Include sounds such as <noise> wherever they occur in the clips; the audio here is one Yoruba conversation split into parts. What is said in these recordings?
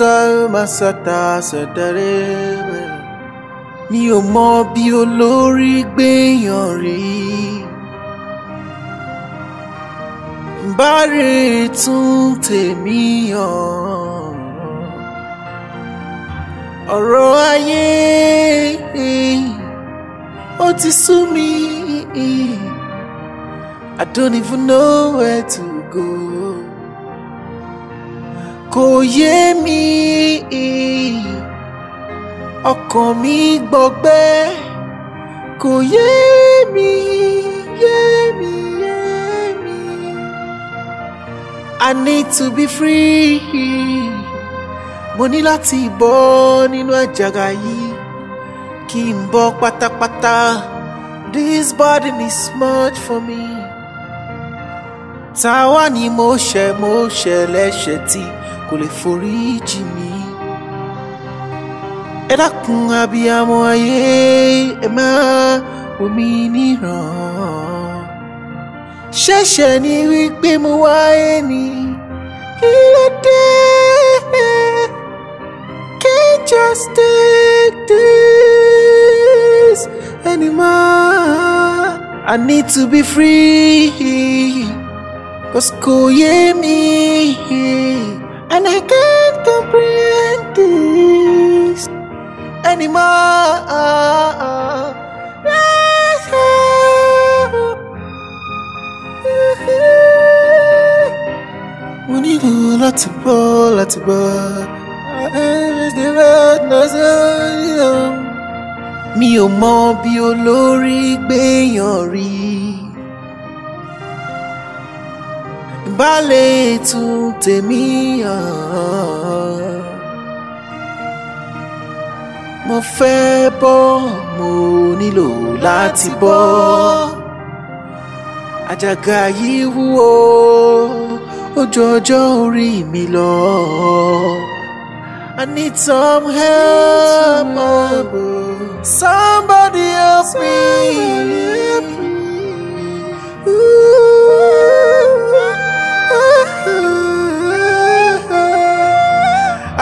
Zalma sata sẹ̀dẹ̀rẹ̀ bẹ̀rẹ̀. Mi ò mọ bí olórí gbéyàn rí. Bárẹ̀ tún tèmi Ọ̀rọ̀ ayé ó ti sú mi. I don't even know where to go. kò yé mi ọkàn mi gbọgbẹ́ kò yé mi yé mi yé mi. I need to be free. Mo ní láti bọ́ nínú àjàgà yìí kí n bọ́ pátápátá. This body is much for me. Táwa ni mo ṣẹ̀ mo ṣẹ̀ lẹ́ṣẹ̀ tí kò lè forí jì mí. ẹ dákun abiyamọ ayé ẹ má omi níràn. ṣẹ̀ṣẹ̀ ni wípé mo wá ẹni kí ló dé. Can't just take this anymore. I need to be free. Cause kò yé mi. and I can't comprehend this anymore. We need a lot to go, lot to go. Mi ò mọ bí olórí gbéyàn rí. bá tún tèmi hàn mo fẹ́ bọ́ mo nílò láti bọ́ àjàgà yìí wúwo ó ọjọ́ orí mi lọ. I need some help. Oh. Somebody help me.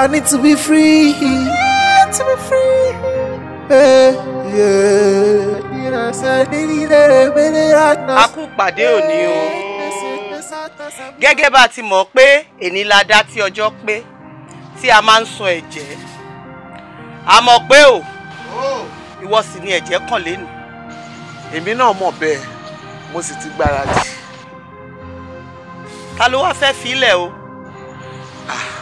I need to be free. I need to be free. Eh, hey, yeah. A kú pàdé òní o. Eh, Gẹ́gẹ́ bá a ti mọ̀ pé èní la dá tí ọjọ́ pé tí a máa ń sun ẹ̀jẹ̀. A mọ̀ pé o, ìwọ sì ni ẹ̀jẹ̀ kàn lẹ́nu. Èmi náà mọ̀ bẹ́ẹ̀, mo sì ti gbáradì. Ta ló wá fẹ́ fi ilẹ̀ o? Ah.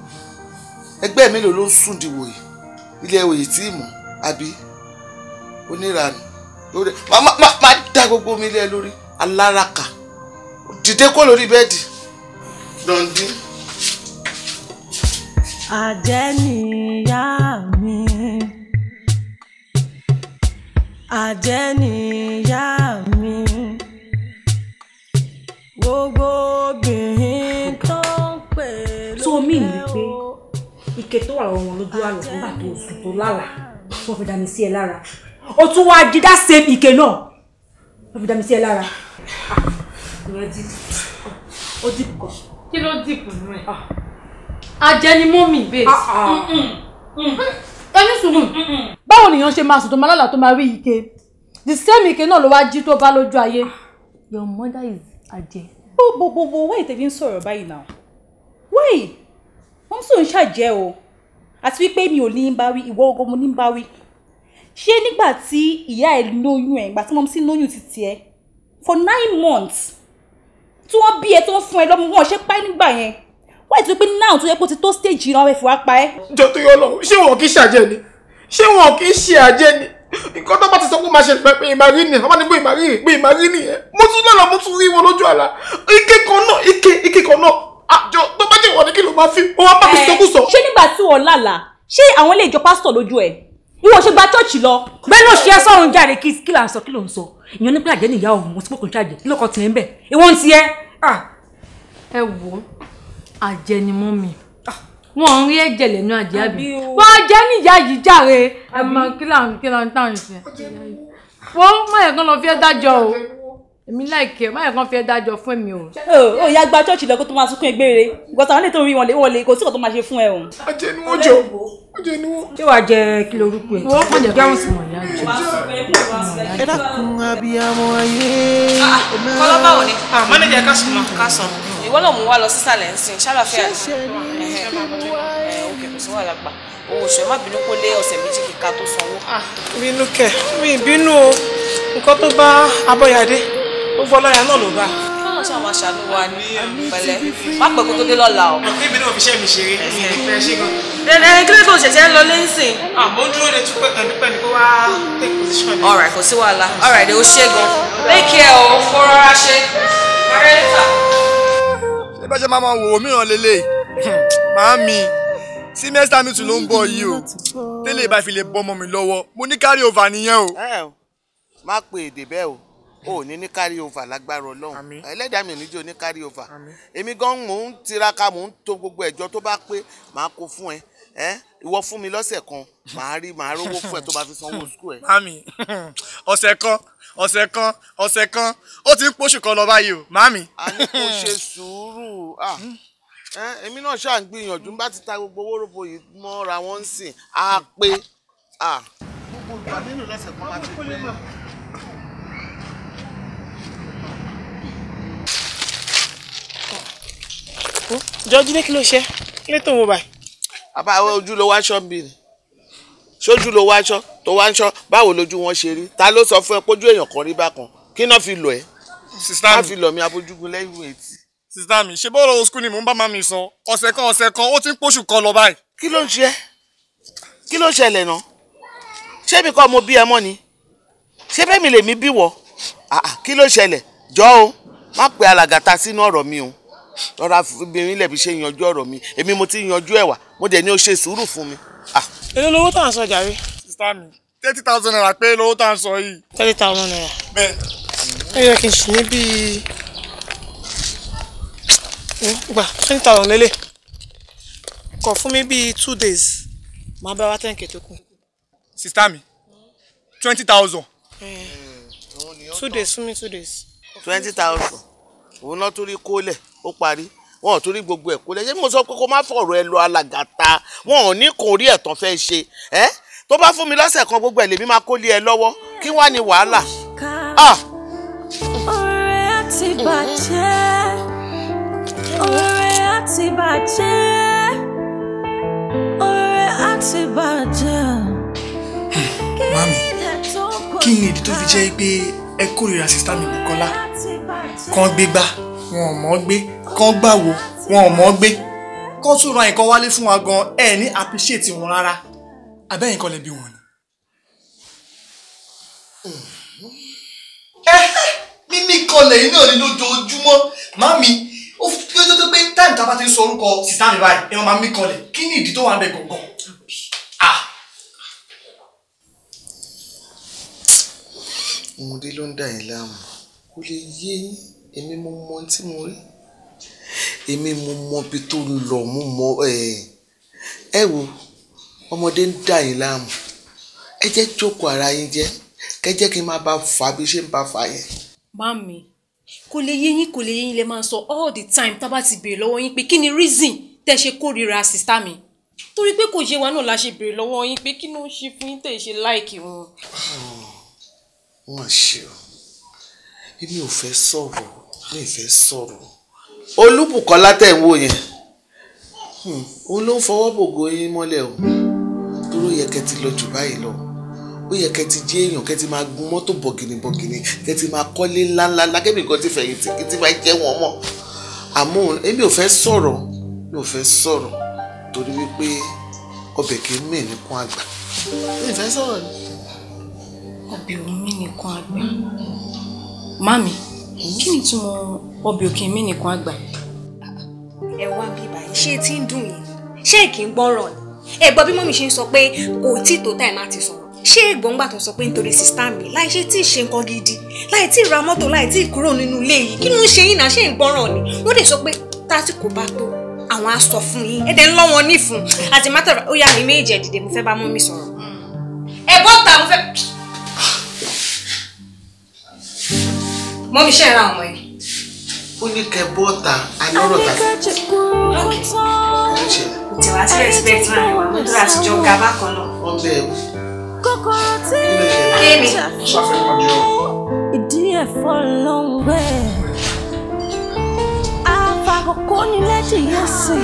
ẹgbẹ́ mélòó ló ń sùn dìwò yìí ilé ẹ̀wò yìí tí mọ̀ àbí oníranù lórí máa dá gbogbo mi lé lórí aláraka dìde kó lórí bẹ́ẹ̀dì dọ̀ndín. àjẹ́ nìyá mi àjẹ́ nìyá mi gbogbo obìnrin tó ń pè lóde o ike tó wà lọ́wọ́ wọn lójú àlọ́ nígbà tó sùn tó lálà wọ́n fi dàmí sí ẹ lára ó tún wá jí dá same ike náà wọ́n fi dàmí sí ẹ lára. Ah, ìyẹn ti ó dìbò kan. kí ló dìbò nù ah. ah, mm, mm, mm. hmm. ẹ. ajẹnimọ́mì bẹ́ẹ̀ ẹni sùúrù hmm. báwo nìyẹn ṣe máa sùn tó máa lálàá tó máa rí ike the same ike náà ló wá jí tó bá lójú ayé. your mother is ajẹ. bó bó bó wáyé tẹ̀lé ń sọ̀rọ̀ báyìí náà wáyé wọ́n sùn ń ṣàjẹ́ o àti wípé mi ò ní bá wí ìwọ ogun mo ní bá wí ṣé nígbà tí ìyá ẹ lóyún ẹ ìgbà tí mo ti lóyún ti tiẹ for nine months tí wọ́n bí ẹ tó ń fún ẹ lọ́mọ wọn ṣe pa ẹ nígbà yẹn wọ́n ẹ̀ tún pé náà tó yẹ kó ti tó stage ìran ẹ̀ fi wá pa ẹ́. jọ tó yọ lọ ṣé wọn kì í ṣàjẹ́ ni ṣé wọn kì í ṣe àjẹ́ ni nǹkan tó bá ti sọ pé máa ṣe pé pé ìmàrí nìyẹn wọ́n ní pé ìmàrí nìyẹn mo tún lọ́la mo tún rí wọn lójú àlá ike kan náà ike ike kan náà àjọ ah, tó bá jẹ́ ìwọ ni kí ló máa fi ó wá bá mi eh, sọkú sọ. ṣé nígbà tí wọn lálàá ṣé àwọn ilé ìjọ pásítọ̀ lójú ẹ ìwọ ṣe gba chọọchì lọ. bẹ́ẹ̀ ló ṣe ẹ sọrun jáde kí kí là ń sọ kí ló ń sọ ìyẹn nípa àjẹ nìyá òun mo ti pòkùn ṣáàjẹ kí lọkọ tiẹ ń bẹ ìwọ ń tiẹ. Ah. ẹ wo àjẹ ni mọ́ mi ah, wọn rí ẹ̀jẹ̀ lẹ́nu àjẹ àbí bọ àjẹ níyà yìí jàre ẹ máa kí là ń kí là ń tàn ṣe wọn mọ ẹ̀kan lọ fi ẹ dájọ o èmi láìkẹ máyà kan fi ẹ dájọ́ fún mi o. ó yá gba chọ́ọ̀chì lọ kó tó máa sunkún egbére gbọ́dọ̀ àwọn lè tó rí wọn lè wọlé kò sí kò tó máa ṣe fún ẹ o. a jẹ ni wọn jọ a jẹ ni wọn. ṣé wàá jẹ kí ló rúkú ẹ. wọ́n kàn jẹ́ gáwọn sì mọ̀ yá jù. ẹ dákun abiyamọ ayé. Ah, kọ́lá báwo ni ah, mọ́nẹ́jà ká sùn mọ́ ká sàn ìwọ náà mú wa lọ sísàlẹ̀ ń sìn ṣàlàfíà owó oṣù ẹ má bínú kó lé ọ̀sẹ̀ méjì kíka tó sanwó. bínú ah, kẹ mi bínú o nǹkan tó bá abọ́yàdé ó fọ́ lọ́yà náà ló bá. kọ́nà ṣe àwọn aṣàánú wa ní pẹ̀lẹ́ má pẹ́ kó tó dé lọ́la o. ibi náà fi ṣe mi ṣeré mi ò ṣe gan. ẹ kí ló tó ṣẹ̀ṣẹ̀ ń lọ lẹ́sìn. àmọ́ ah, dúró de tupẹ́ nípẹ́ eh, ni kó wá take position. all right kò sí wàhálà all right ó ṣe gan. lẹ́kì ẹ̀ o kó rọra ṣe ṣé bá ṣe máa máa wò ó mìíràn lélẹ̀ máa mi símẹ́sítà mi tún ló ń bọ̀ yìí o tẹ́lẹ̀ ìbá fi lè bọ́ ọmọ mi lọ́wọ́ mo ní carry over nìyẹn o. ẹ má pe èdè bẹ́ẹ̀ o o ní ní carry over lágbára ọlọ́run ẹlẹ́dàá mi ò ní jẹ́ oní carry over èmi gan mò ń tiraka mò ń to gbogbo ẹ̀jọ́ tó bá pé màá kó fún ẹ ẹ ìwọ fún mi lọ́sẹ̀ kan màá rí màá rówó fún ẹ tó bá fi sanwó school ẹ. mami <laughs> ọ̀sẹ̀ kan ọ̀sẹ̀ kan ọ̀sẹ̀ kan ó ti ń pọ̀ṣù kan lọ báyìí o mami. a ní kó ṣe sùúrù èmi náà ṣáà ń gbìyànjú bá ti ta gbogbo owó rògbò yìí mọ́ra wọn sìn á pé. jókòó jọjú lé kí ló ṣe kí ló tó wọ báyìí. àbá àwọn ojú ló wáṣọ ń bì ní ṣojú ló wáṣọ tó wáṣọ báwo lójú wọn ṣe rí ta ló sọ fún ẹ pójú èèyàn kan rí bákan kí náà fi lọ ẹ má fi lọ mi abójúgun lẹ́yìn etí. sísá mi ṣe bọ́ọ̀lù oṣù ni mò ń bá màmí sọ ọ̀sẹ̀ kan ọ̀sẹ̀ kan ó ti ń pọ̀ṣù kan lọ báyìí. kí ló ń ṣe kí ló ń ṣẹlẹ̀ náà ṣé mi kọ́ mo bí ẹ mọ́ ni ọ̀rọ̀ obìnrin lẹ̀bi ṣe yanjú ọ̀rọ̀ mi èmi mo ti yanjú ẹ̀wà mo dẹ̀ ní o ṣe sùúrù fún mi. Ah. èló lowó tá à ń sọ jàre. sísá mi thirty thousand naira pé lowó tá à ń sọ yìí. thirty thousand naira. bẹ́ẹ̀. ẹ yẹ kí n sì ní bíi gbà twenty thousand lélẹ̀ kọ̀ fún mi bíi two days máa bá wa ten k tó kù. sísá mi twenty thousand. two days fún mi two days. twenty thousand òun náà tún rí kólẹ̀ ó parí wọn ò tún rí gbogbo ẹ̀ kó lẹ́yìn mo sọ pé kó má fọ̀rọ̀ ẹ lọ alàgàtà wọn ò ní kò rí ẹ̀tàn fẹ́ ṣe ẹ́ tó bá fún mi lọ́sẹ̀ kan gbogbo ẹ̀ lèmi máa kó lé ẹ lọ́wọ́ kí wá ní wàhálà. Ah! ọ̀rẹ́ àti bàjẹ́ ọ̀rẹ́ àti bàjẹ́ ọ̀rẹ́ àti bàjẹ́. Hmm, mami kí ni ìdí tó fi jẹ́ pé ẹ kórìíra sísá mi Bùkọ́lá kan gbégbá wọn ò mọ̀ gbé kán gbàwó wọn ò mọ̀ gbé kán tún ra nǹkan wálé fún wa gan ẹ ní appreciate wọn rárá abẹ́yìn kan lè bí wọn mímí kan lẹ́yìn náà ni lójoojúmọ́ màmí ó fi ọjọ́ tó pé táìmù tá a bá ti ń sọ orúkọ sísá mi báyìí ẹ máa mí kan lẹ̀ kí ni ìdí tó wà ń bẹ gangan. ọmọdé ló ń dà yín láàmú kó lè yé yín èmi mo mọ ohun tí mo rí èmi mo mọ ibi tó ń lọ mo mọ ẹ wo ọmọdé ń dà yín láàmú ẹ jẹ́ jókòó ara yín jẹ́ kẹjẹ kí n máa bá fà bí ṣe ń bá fà yẹn. mami kò lè yé yín kò lè yé yín lè máa sọ all the time tá a bá ti béèrè lọ́wọ́ yín pé kí ni reason tẹ́ ṣe kórìíra sista mi torí pé kò yé wa náà la ṣe béèrè lọ́wọ́ yín pé kí ló ń ṣe fún yín tẹ́ ṣe láìkì wọn. Ah, wọn ṣe o èmi ò fẹ́ sọ̀rọ̀ mi fẹ́ sọ̀rọ̀ olúbùkọ́lá tẹ̀ ń wò yẹn ó hmm, ló ń fọwọ́ bògo yín mọ́lẹ̀ o dúró yẹ kẹ́ ti lọ jù báyìí lọ ó yẹ kẹ́ ti jí èèyàn kẹ́ ti máa gun mọ́tò bọ̀gìnìbọ̀gìnì kẹ́ ti máa kọ́lé ńláńlá lákẹ́bí nǹkan ti fẹ̀yìntì kí ti máa jẹ́ wọn mọ́ àmọ́ èmi ò fẹ́ sọ̀rọ̀ mi ò fẹ́ sọ̀rọ̀ torí wípé ọbẹ̀ kì í mì nìkan àgbà mi ò fẹ́ sọ̀rọ̀ ni. ọbẹ̀ ò mì nìkan àgbà mami kí ni ìtumọ̀ ọbẹ̀ òkè mi nìkan àgbà. ẹ wá bí báyìí ṣé tí ń dùn yìí ṣé kì í gbọ́rọ̀ ni ẹ gbọ́ bí mọ́mí ṣe ń sọ pé kò tí tó táì má ti sọ̀rọ̀ ṣé ìgbọ̀ngbà tó sọ pé nítorí sista mi láì ṣe tí ì ṣe nǹkan gidi láì tí ì ra mọ́tò láì tí ì kúrò nínú ilé yìí kí ló ń ṣe yín náà ṣé ìgbọ́ràn ni wọ́n dẹ̀ sọ pé tásìkò bá tó àwọn á sọ fún yín ẹ̀dẹ̀ ń lọ́ wọn nífun àti mátàrà ó yà mí méjì ẹ̀dìdẹ̀ mo fẹ́ bá mọ́mí sọ̀rọ̀ hmm. ẹ̀ bọ́ta mo fẹ́. mọ́mí ṣe ń ra ọmọ yìí. ó ní kẹ bọ́ọ̀tà alọ́rọ̀ tàbí. ok ìtẹ̀wá sí respect máa ń wà nítorí àtijọ́ ga bákan náà. wọ́n bẹ̀ ẹ́ kéèmí. ìdí ẹ̀fọ́ ló ń gbẹ. àfàkókò ni lẹ́dí yóò sè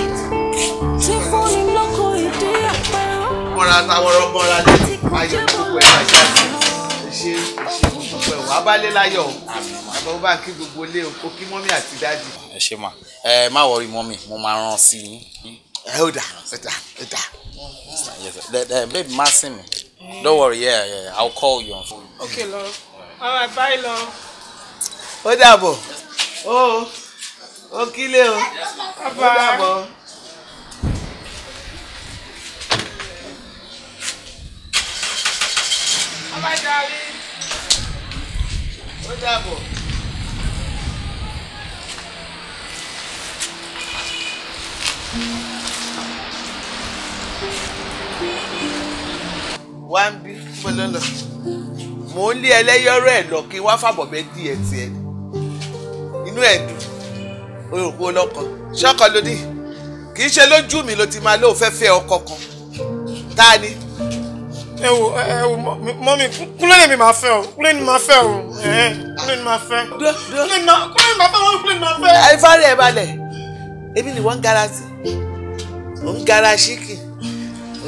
tí fúnni lóko ìdí ẹ̀fọ́. mo ra tàwọn ọmọ ra ní ayé gbogbo ẹ̀ máa ṣe àtìlẹ́yìn ṣe ṣe gbogbo ẹ̀ wá bálé láyọ̀ o àbọ̀ bá kí gbogbo ilé o kí mọ́mí àti dájú. ẹ ṣe mà ẹ má wọrí mọ́mí mo máa rán sí i. ẹ ó dà ẹ dà ẹ dà. babe má sìn mi don't worry yeah, yeah, I'll call you on phone. okay love all right bye love. ó dàbọ̀ ó ó kílé o ó dàbọ̀. Bye, Charlie dàbọ̀. wá ń bí pẹ̀lẹ́ lọ mò ń lé ẹlẹ́yọ̀rọ̀ ẹ̀ lọ kí wá fàbọ̀bẹ́ dí ẹ̀ tiẹ̀ inú ẹ̀ dùn orúkọ ọlọ́kọ ṣọ́kọ lódì kì í ṣe lójú mi ló ti máa lóò fẹ́ fẹ́ ọkọ kan tá a ní ẹ wo ẹ wo mọ́mí kúnlẹ̀ lèmi máa fẹ́ o kúnlẹ̀ ni máa fẹ́ o kúnlẹ̀ ni máa fẹ́ kúnlẹ̀ ni máa fẹ́ wọ́n kúnlẹ̀ ni máa fẹ́. àìfáàrẹ̀ ẹ̀ balẹ̀ èmi ni wọ́n ń gara sí ò ń gara ṣíkì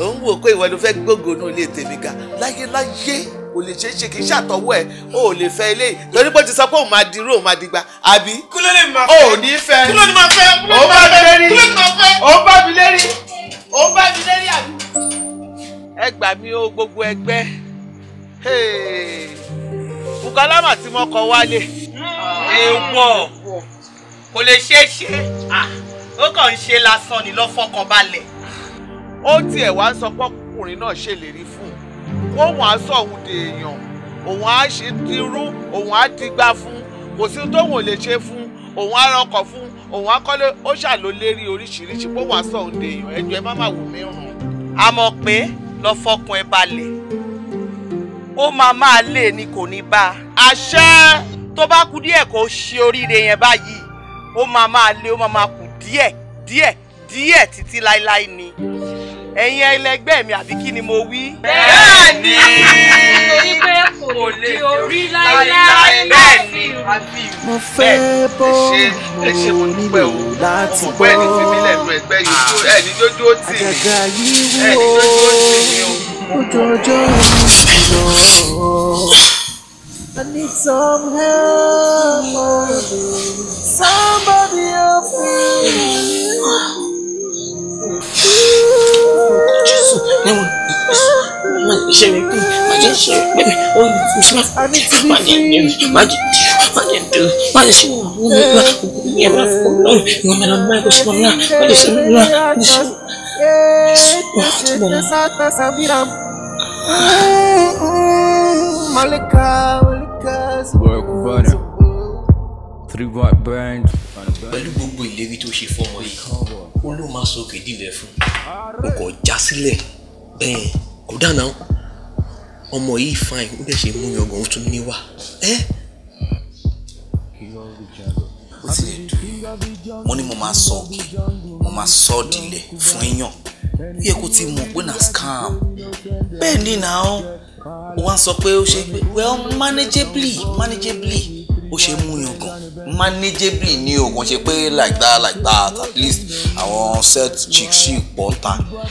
ò ń wò pé ìwọ ló fẹ́ gbógo ní olè tèmi ga láyé láyé kò lè ṣeé ṣe kì í ṣàtọwọ́ ẹ̀ o ò lè fẹ́ ilé yìí torí bó ti sọ pé òun máa dirú òun máa digba àbí. kúlẹ̀ lè máa fẹ́ o ò ní fẹ́ kúlẹ̀ ni máa fẹ́ kúlẹ̀ ni máa fẹ́ kúlẹ̀ ni máa fẹ́ o bá mi lérí o bá mi lérí àbí ẹ gbà mí o gbogbo ẹgbẹ́ bukalama tí mo kọ wálé èèwọ̀ kò lè ṣeé ṣe ah, ó kàn ń ṣe lásán ni lọ́fọ̀kànbalẹ̀. ó tiẹ̀ wá ń sọ pọ́kùnrin náà ṣèlérí fún un kóhùn aṣọ òun dèèyàn òun á ṣe dirú òun á digbá fún kò sí tóun ò lè ṣe fún òun á rọkọ̀ fún òun á kọ́lé ó ṣàlólérí oríṣiríṣi kóhùn aṣọ òun dèèyàn ẹjọ́ ẹ má má wù mí rùn. a mọ̀ pé lọ fọkàn ẹ balẹ̀ ó máa máa lè ní kò ní bá a àṣẹ tó bá kú díẹ̀ kó ṣe oríire yẹn báyìí ó máa máa lé ó máa máa kù díẹ̀ díẹ̀ díẹ̀ títí láéláé ni ẹ̀yin ẹlẹgbẹ́ mi àbí kí ni mo wí. bẹ́ẹ̀ni torí pé kò lè orí láíláí bẹ́ẹ̀ni mo fẹ́ bọ́ mo nílò láti bọ́ àgàgà yìí wò ojoojọ́ ìlọ. I need some help, somebody help me. Jésù ẹ̀wọ̀n ṣe Malika, Malika, Malika. three white bands. pẹ̀lú gbogbo ìlérí tó ṣe fọmọ yìí ó ló máa sọ kìdí rẹ̀ fún un kò já sílẹ̀ bẹ́ẹ̀ kò dáná ọmọ yìí fine ó dẹ̀ ṣe mú yangàn ó tún níwà ẹ́. ó ti lè dùn mo ní mo máa sọ òkè mo máa sọ ọ́ dilẹ̀ fún èèyàn ó yẹ ti mọ̀ pé na scam bẹ́ẹ̀ ni náà ó wá sọ pé ó ṣe well manageably manageably ó ṣe mú yan gan manageably ni oògùn ṣe pé like that like that at least àwọn set chicks ṣì pọ̀ ń ta ó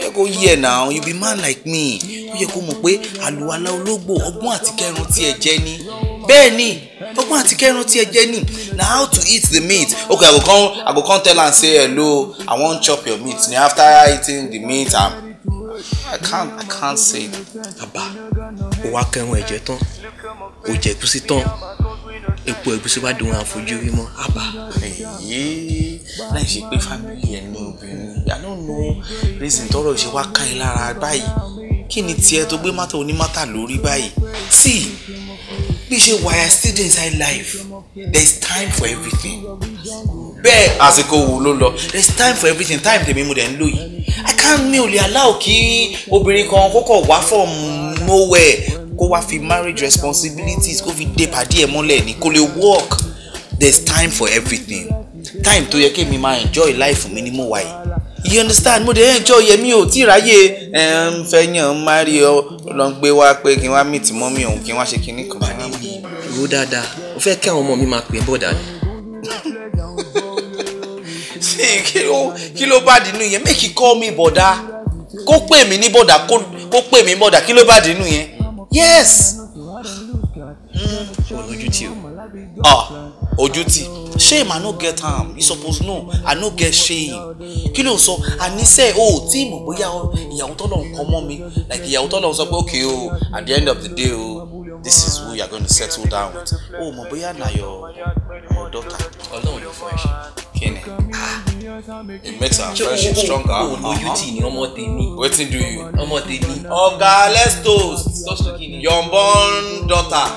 yẹ kó yẹ náà you be man like me ó yẹ kó mọ̀ pé àlùwalá ológbò ọgbọ́n àti kẹrun tí ẹ jẹ ni bẹ́ẹ̀ ni ọgbọ́n àti kẹrun tí ẹ jẹ ni na how to eat the meat okay i go come i go come tell am say hello i wan chop your meat ni after eating the meat am i can't i can't say it. àbá ó wá kẹrun ẹ̀jẹ̀ tán ó jẹ tán epo ẹ̀gúsí wá dòun àfojú rí mọ́ àbá. ẹ̀yẹ́ láì ṣe pé fámìlì ẹ̀ ní obìnrin I don't know tọrọ ṣe wá ká ẹ lára báyìí kí ni tiẹ̀ tó gbé mátà onímátà lórí báyìí sí bí ṣe wire still dey inside life there is time for everything bẹ́ẹ̀ àsìkò wo ló lọ there is time for everything time tèmi mo dẹ̀ ń lò yìí I can't mi ò lè allow kí obìnrin kan kókò wá from nowhere kó wá fi marriage responsibilities kó fi dé pàdé ẹ̀ mọ́lẹ̀ ni kó lè work there is time for everything time tó yẹ kí mi máa enjoy life mi ni mo wà yìí you understand mo dey enjoy yẹ mi ò tí ráyè ẹ ń fẹ́ yàn ń má rí ọ lọ ń gbé wá pé kí n wá meet mọ́mí òun kí n wá ṣe kinní kan. ro dáadáa o fẹ́ kí àwọn ọmọ mi máa pè é bọ̀ dáadáa. <laughs> sí kí ló kí ló bá dínú yẹn make you call me bọ̀dá kó pè mí ní bọ̀dá kó pè mí bọ̀dá kí ló bá dínú yẹn yes. Hmm, olójú oh, tí o ah ojú tí shame i no get am you suppose know i no get shame kí ló ń sọ àníṣe o tí mo bóyá ìyàwó tọ́lọ̀ ń kọ́ mọ́ mi like ìyàwó tọ́lọ̀ ń sọ pé okay o at the end of the day o this is who you are going to settle down with o mo bóyá na your your daughter ọlọ́run ló fún ẹ kí ni ah it makes our friendship stronger. o lójú tì ní ọmọ tèmi. wetin do you. ọmọ tèmi. ọ̀gá let's toast. toast to kini. your born daughter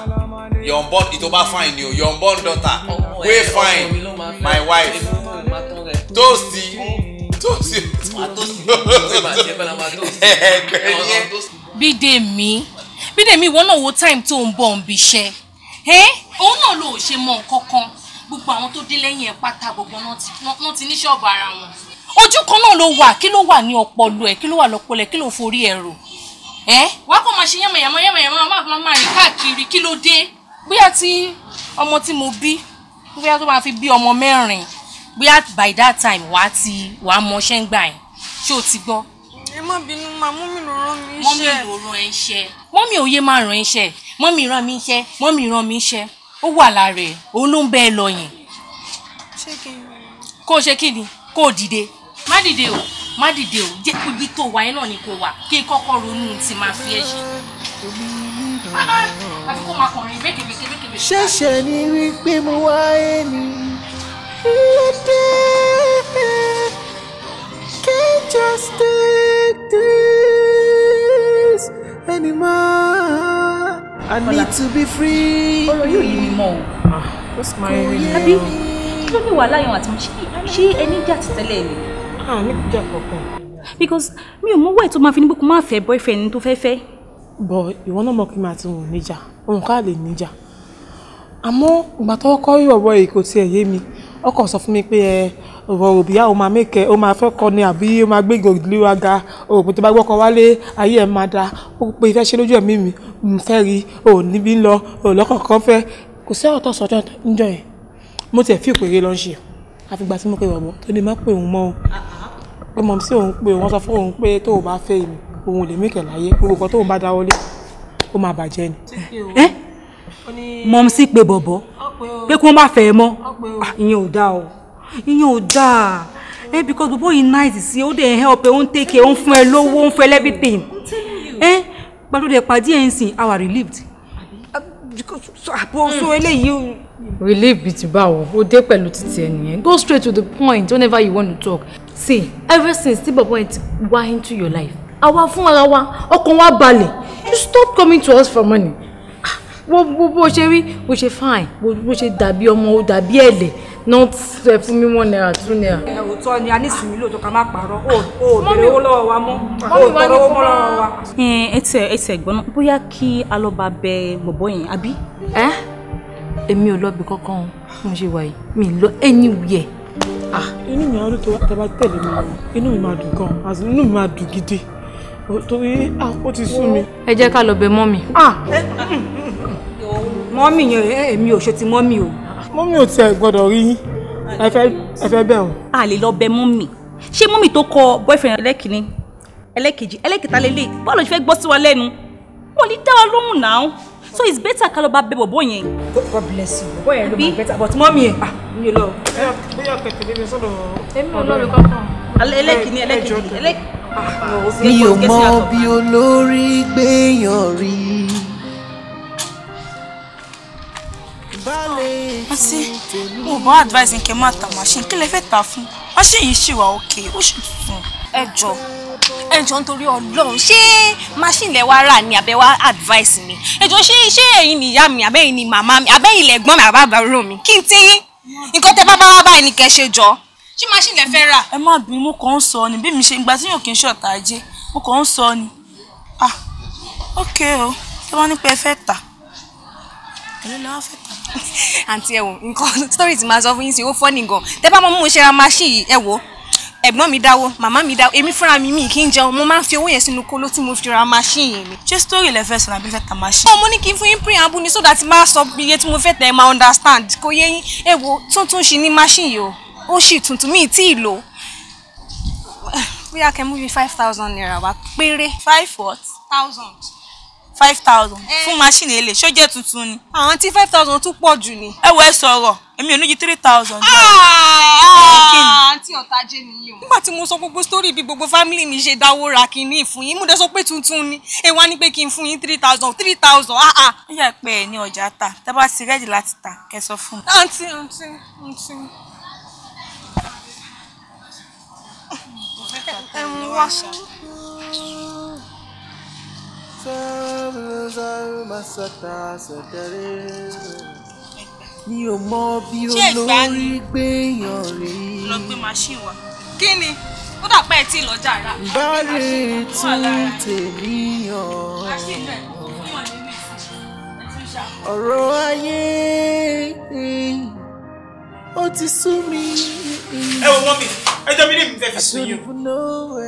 your born itoba fine you, your born daughter wey fine my wife Toasty, toast toast. <laughs> Bídèmí Bídèmí ìwọ náà wo time tó ń bọ̀ ń bí iṣẹ́ òun náà ló ṣe mọ nǹkan kan gbogbo àwọn tó dé lẹ́yìn ẹ̀ pátá gbogbo wọn ti ní ṣọ́ọ̀bù ara wọn. ojú kan náà ló wà kí ló wà ní ọpọlọ ẹ kí ló wà lọpọlọ ẹ kí ló forí ẹ rò. wàá kọ́ máa ṣe yẹ́mọ̀yẹ́mọ̀ yẹ́mọ̀yẹ́mọ̀ máa fi máa rìn káàkiri kí ló dé. bóyá tí ọmọ tí mo bí bóyá tó máa fi bí ọmọ mẹ́rin bóyá by that time wàá ti wàá mọṣẹ́ ń gbà yẹn ṣé o ti gbọ́ ẹ má bínú ma mọ́mí ló rán mi iṣẹ́ mọ́mí ló rán ẹ iṣẹ́ mọ́mí òye máa ràn ẹ iṣẹ́ mọ́mí rán mi iṣẹ́ mọ́mí rán mi iṣẹ́ ó wà lára ẹ̀ òun ló ń bẹ́ ẹ lọ yẹn. kó o ṣe kí ni kó o dìde má dìde o má dìde o jẹ́ ibi tó wà yẹn náà ni kò wà kí n kọ́kọ́ ronú ti máa fi ẹ́ ṣe. ṣẹ̀ṣẹ̀ ni wípé mo wá ẹni lédè can't just take this anymore. I need to be free. Oh, yóò yí mi mọ́ o. Ah, ó sì máa rí mi. àbí kí ló ní She, she, àti just ẹni me. Ah, tẹ́lẹ̀ ni. a ah, ní because me, ò mọwọ́ ẹ̀ tó máa fi ní pé kó boyfriend to fair fair. But you wanna náà me at n máa ti hùn níjà òun ká lè níjà call you tọ́wọ́ kọ́ ọ̀rọ̀ yìí kò tiẹ̀ yé ó kàn sọ fún mi pé ẹ ọ̀rọ̀ òbíyá o máa mẹ́kẹ́ o máa fẹ́ kọ́ ni àbí o máa gbé ìgbòdìlú wa ga o rò pé tó bá gbọ́kọ̀ wálé ayé ẹ̀ máa da ó pé ìfẹ́ ṣe lójú ẹ̀mí mi n fẹ́ rí o níbí ń lọ o ò lọ́kàn kan fẹ́ kò sí ọ̀tọ̀ sọ́jọ́ níjọ́ yẹn mo tiẹ̀ fi ìpèrè lọ ṣe àfìgbà tí mo pe bọ̀bọ̀ tó ní má pè òun mọ́ o pé mọ̀ sí òun pé wọ́n sọ fún òun pé tó o bá fẹ́ mi òun ò lè mẹ́kẹ̀ láyé gbogbo kan tó o bá dáwọ́lé ó máa bàjẹ́ ni mọ̀ sí pé bọ̀bọ̀ pé kí wọ́n má fẹ́ ẹ mọ́ ah, ìyẹn ò dáa o ìyẹn ò dáa ẹ eh, because bọ̀bọ̀ yìí nice sí ó dẹ̀ help ẹ ó ń take ẹ ó ń fún ẹ lówó ó ń fún ẹ everything eh, ẹ gbàdúrà pàdé ẹ̀ ń sìn our relieved ah, àpòso eléyìí. relief bìtì báwo o dé pẹ̀lú títí ẹ nìyẹn go straight to the point whenever you want to talk see ever since tí bọ̀bọ̀ yẹn ti wá into your life àwa fún ara wa ọkàn wa balẹ̀ you stop coming to us for money bó bó ṣe rí bó ṣe fine bó ṣe dàbí ọmọ ó dàbí ẹ̀lẹ̀ náà ẹ eh, fún mi one naira two naira. ẹ òótọ́ ni a ní ìsinmi lóòótọ́ ká má parọ́ o ò bèrè owó lọ́wọ́ wa mọ́ o ò tọrọ owó mọ́ lọ́wọ́ wa. ẹ ti ẹ bóyá kí a lọ bá bẹ bọ̀bọ̀ yẹn àbí. ẹ èmi ò lọbi kankan mo ṣe wà yìí mi lọ anywhere. Ah, inú mi á rí tó tẹ́lá tẹ̀lé mi inú mi máa dùn gan-an inú mi máa dùn gidi torí ah, ó ti sú mi. ẹ jẹ́ ká lọ bẹ mọ́ ah, mi. Mm, mm mọ́mì yẹn eh, èmi ò ṣe ti mọ́mì o. mọ́mì ò tiẹ̀ gbọ́dọ̀ rí yín ẹ fẹ́ a lè lọ bẹ̀ mọ́mì ṣé mọ́mì tó kọ boyfriend ẹlẹ́kìnní ẹlẹ́kejì ẹlẹ́kẹta lélẹ̀ bọ́ọ̀lù ṣe fẹ́ gbọ́ sí wa lẹ́nu wọn ní dá lóhùn náà so it's better ká lọ bá bẹ̀ bọ̀bọ̀ yẹn. God bless you bọ̀bọ̀ yẹn ló máa better but mọ́mì yẹn ah, mi ò lọ. bóyá kẹ̀kẹ́ bíbí sọ́dọ̀. èmi ò lọ rí ah, mi ò mọ bí olórí gbéyàn rí àti mo bá advice nkẹ máa ta machine kí lè fẹ́ ta fún machine yìí ṣì wà òkè ó sì tuntun. ẹ jọ ẹ jọ machine lẹ wá rà ní advice me. ẹ she she ṣé ẹ̀yin ni ìyá mi àbẹ́yìn ni màmá mi àbẹ́yìn lẹ̀gbọ́n mi àbábàárò mi kí n ti yín nǹkan tẹ bá bá wá ni kẹ ṣe jọ ṣé machine lẹ fẹ́ rà. ẹ má bínú mo kàn ń sọ ni bí mi ṣe gba tí ah ok o tí wọ́n ní pé ẹ fẹ́ àǹtí ẹ wò nǹkan story ti máa sọ fún yín sí ó fọ́ nìgan tẹ bá mọ mú ṣe ra machine yìí ẹ wò ẹ̀gbọ́n mi dáwó màmá mi dáwó èmi fúnra mi mi kì í jẹun mo máa ń fi owó yẹn sínú kóló tí mo fi ra machine yẹn mi. ṣé story lẹ fẹ́ sọ̀rọ̀ àbí fẹ́ ta machine. ọmọ ní kí n fún yín preamble ni so that máa sọ iye tí mo fẹ́ tẹ̀ ẹ máa understand kò yé yín ẹ wò tuntun ṣì ní machine yìí o ó ṣì tuntun mi ì tí ì lò bóyá kẹ́ mú five thousand naira wá péré. five what? thousand five thousand eh. fún machine ele ṣó jẹ́ tuntun ni. àwọn tí five thousand tún pọ̀ jù ni. ẹ wọ ẹ sọ̀rọ̀ èmi ò ní three thousand. Ah, ah, àǹtí ọ̀tajé nìyí o. nígbà tí mo sọ gbogbo sórí bí gbogbo fámìlì mi ṣe dáwó ra kínní fún yín mo dẹ̀ sọ pé tuntun ni ẹ wá ní pé kí n fún yín three thousand three thousand ah ah. ó yà pé ẹ ní ọjà ta tẹ́ bá ti rẹ́dì láti ta kẹ́ sọ fún mi. àǹtí àǹtí àǹtí. ẹ mú wá mi ò mọ bí olórí gbéyàn rí. lọ machine wa kí ni ó dàpẹ́ ẹ̀ tí ì lọ́jà rà. bárẹ̀ tún tèmi ọ̀rọ̀ ayé ó ti sú mi. ẹ wo mọ́mí ẹjọ́ mi mi fẹ́ fi sùn yín.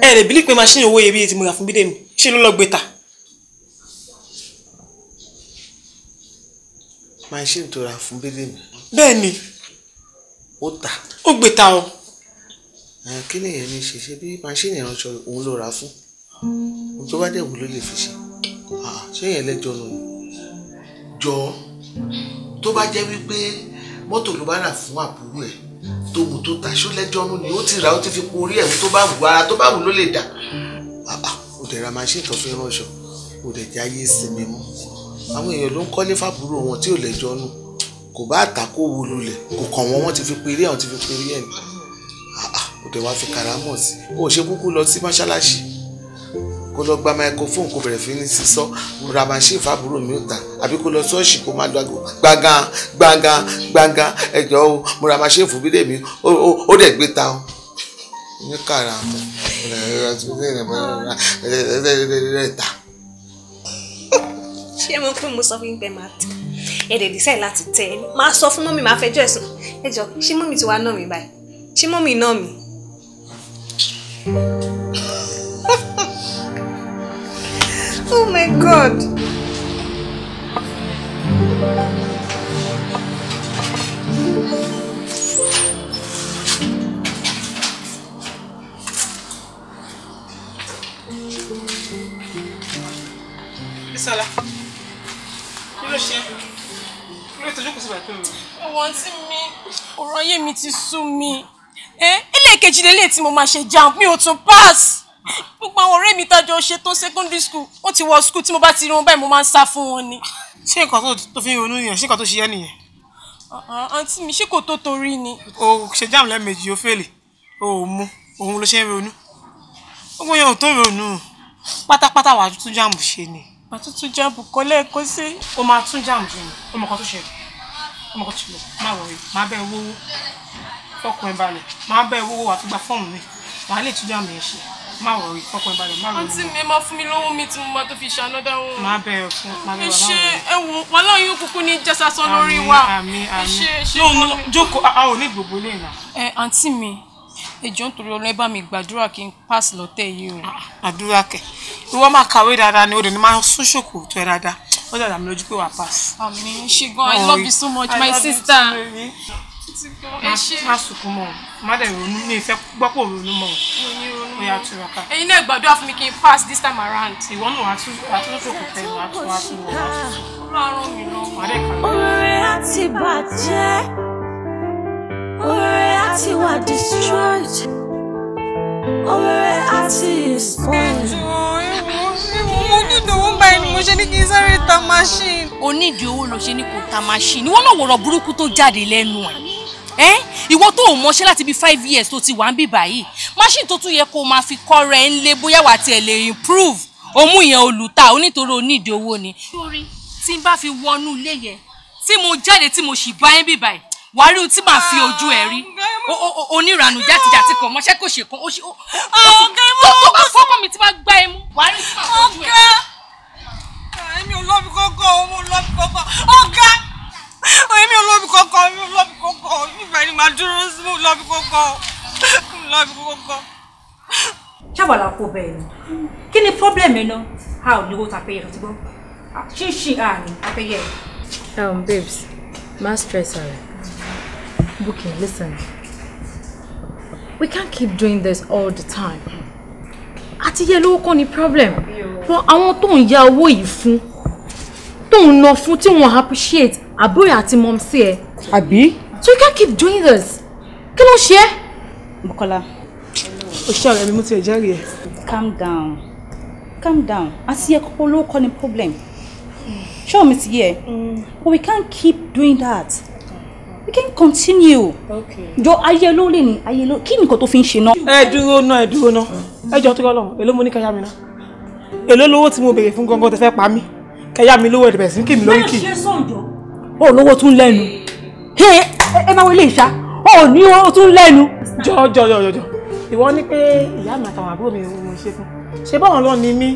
ẹ lè bílí pé machine owó iyebíye tí mo rà fún bídèmí ṣé ló lọ gbé ta. máa ṣe ìtura fún bílíìmù. bẹ́ẹ̀ ni. ó tà. ó gbé ta o. kí nìyẹn ní ṣe ṣe bí máṣíìnì ìránṣọ òun ló ra fún ohun tó bá dẹ̀ wù ló lè fi ṣe ṣé yẹn lẹ́jọ́ nù ni jọ tó bá jẹ́ wípé mọ́tò ló bá rà fún àbúrò ẹ̀ tó wù tó tà ṣó lẹ́jọ́ nù ni ó ti rà ó ti fi po orí ẹ̀ tó bá wù ara tó bá wù ló lè dà ó dẹ̀ ra máṣíìnì tó fi ránṣọ ó dẹ̀ jẹ́ ayé ìsinmi mọ́ àwọn èèyàn ló ń kọ́lé fàbúrò wọn tí ò lẹ́jọ́ nù kò bá àtàkó wo lulẹ̀ kò kàn wọ́n wọ́n ti fi péré àwọn ti fi péré ẹ̀ ní òde wa fi karamọ̀ sí o ṣe kúkú lọ sí mọ́ṣáláṣí kó lọ gba microphone kó bẹ̀rẹ̀ fi ní sísọ ra machine fàbúrò mi ò ta àbí kó lọ ṣọ́ọ̀ṣì kó máa lo aago gbangan gbangan gbangan ẹjọ́ o mo ra machine fún bídè mi ó dẹ̀ gbé ta o ní karamọ̀ rẹ̀ rẹ̀ rẹ̀ rẹ̀ rẹ̀ ta ṣé mo pé mo sọ fún pé máa tẹ ẹ dẹ̀ dísẹ́ láti tẹ ẹ máa sọ fún mọ́mí máa fẹjọ́ ẹ̀sùn ẹ jọ ṣé mọ́mí ti wá náà mi báyìí ṣé mọ́mí náà mi. <laughs> Oh my God. Sala ló ṣe kí ló tọ́jú kò sí bàtú mi. ọwọ́ tí ọ̀rọ̀ ayé mi ti sú mi ẹlẹ́ẹ̀kejì lélẹ̀ tí mo máa ṣe jam mi ò tún pass gbogbo àwọn ọ̀rẹ́ mi tájọ ṣe tó secondary school wọ́n ti wọ school tí mo bá ti rí báyìí mo máa ń sá fún wọn ni. ṣé nǹkan tó fi ń ronú yẹn ṣé nǹkan tó ṣe yẹn nìyẹn. àǹtí mi ṣé kò tó torí ni. o ṣe jam lẹ́ẹ̀mejì o fèlè o ò mu òun ló ṣe ń ronú. ó gbóyàn ò tó ronú pátápátá wàá tún jam ṣe ni màá tuntun jẹ́ bùkọ́lé kó sí. o máa tún jàmù jù o mọ̀ kan tó ṣẹlẹ̀ o mọ̀ kan tó ṣẹlẹ̀ má wọ̀nyí máa bẹ́ẹ̀ wówó fọkùn ẹ̀ balẹ̀ máa bẹ́ẹ̀ wówó àti gba fọ́ọ̀mù mi wàá lè tún jàmù yẹn ṣe má wọ̀nyí fọkùn ẹ̀ balẹ̀ má wọ̀nyí. àǹtí mi máa fún mi lówó mi tí mo máa tó fi ṣe ànádá wọn. má bẹ́ẹ̀ fún má bẹ́ẹ̀ wà má wọ̀nyí. ṣé ẹ wo wọn láyún ẹjọ nítorí Ọlọ́run bá mi gbàdúrà kí n pass lọ́tẹ̀ yìí o. Ah, àdúrà kẹ ìwọ máa kàwé dáadáa ni o dẹ̀ máa sún ṣòkò tó ẹ dáadáa ó dàda mi lójú pé wàá pass. àmín ṣe i oh, love you so much my sister. má sunkún mọ́ má dẹ̀ ronú mi ìfẹ́ gbọ́ ronú mọ́ o yà túra ká. ẹ̀yin náà gbàdúrà fún mi kí n pass this time around. ìwọ náà wàá tún ṣòkò tẹ tún wàá tún wọ wàá tún. ó rọrùn mi lọ. ọ̀rẹ́ àti bàjẹ́ á ti wà destroyed ọmọ rẹ̀ á ti spoil. mo ní ìdòwò báyìí ni mo ṣe ní kí n sáré ta machine. o ní ìdí owó ló ṣe ní kò ta machine ìwọ náà wọ̀rọ̀ burúkú tó jáde lẹ́nu ẹ̀ ìwọ tó ò mọṣẹ́ láti bíi five years tó ti wà ń bì báyìí machine tó tún yẹ kó o máa fi kọ́ rẹ̀ ń lé bóyá wà á tiẹ̀ lè improve òmù yẹn olùta onítorí onídìí owó ni. sórí tí n bá fi wọnú ilé yẹn tí mo jáde tí mo sì bá yín bì báyìí wàá rí o tí màá fi ah, ojú ẹ rí oníranù játijàti kan mọṣẹ kò ṣe kan ó ṣe ó tó bá fọkàn mi tí bá gbá ẹ mú wàá rí o tí màá fi ojú ẹ. ọ̀gá ah, èmi ò lọ́bi kọ́kọ́ èmi ò lọ́bi ah, ni màá dúró sí mo lọ́bi kọ́kọ́ mo lọ́bi kọ́kọ́. kò bẹ́ẹ̀ ni kí ni pọ́blẹ́mì náà a ò lówó tàpẹ́yẹ tó ti gbọ́ ṣíṣì àní àpẹ́yẹ. um babes má stress ara. Okay, listen. We can't keep doing this all the time. Ati yẹ lówó kọ́ ni problem. For àwọn tó ń ya owó yìí fún, tó ń ná fún tí wọ́n appreciate àbúrò ati mọ̀m sí ẹ. Àbí? So you can't keep doing this. Kí ló ń ṣe é? Bukola, o ṣe ọ̀rẹ́ mi mú ti Calm down, calm down. Ati yẹ kọ́kọ́ lówó kọ́ ni problem. Show me ti yẹ? Mm. But we can't keep doing that we can continue. jọ ayé ló lè ní ayé ló kí nìkan tó fi ń ṣe náà. ẹ dúró náà ẹ dúró náà ẹ jọ torí Ọlọ́run èló mo ní kẹyà mi náà èló lówó tí mo béèrè fún gangan tẹ fẹ́ pa mí kẹyà mi lówó ẹdẹbẹ sí kí mi lórí kì í. ó lówó tún lẹ́nu ẹ máa wọlé ìṣá ó ní owó tún lẹ́nu. jọ jọ jọ jọ ìwọ ni pé ìyá mi àtàwọn àbúrò mi ò ṣe fún ṣe báwọn lọ ni mí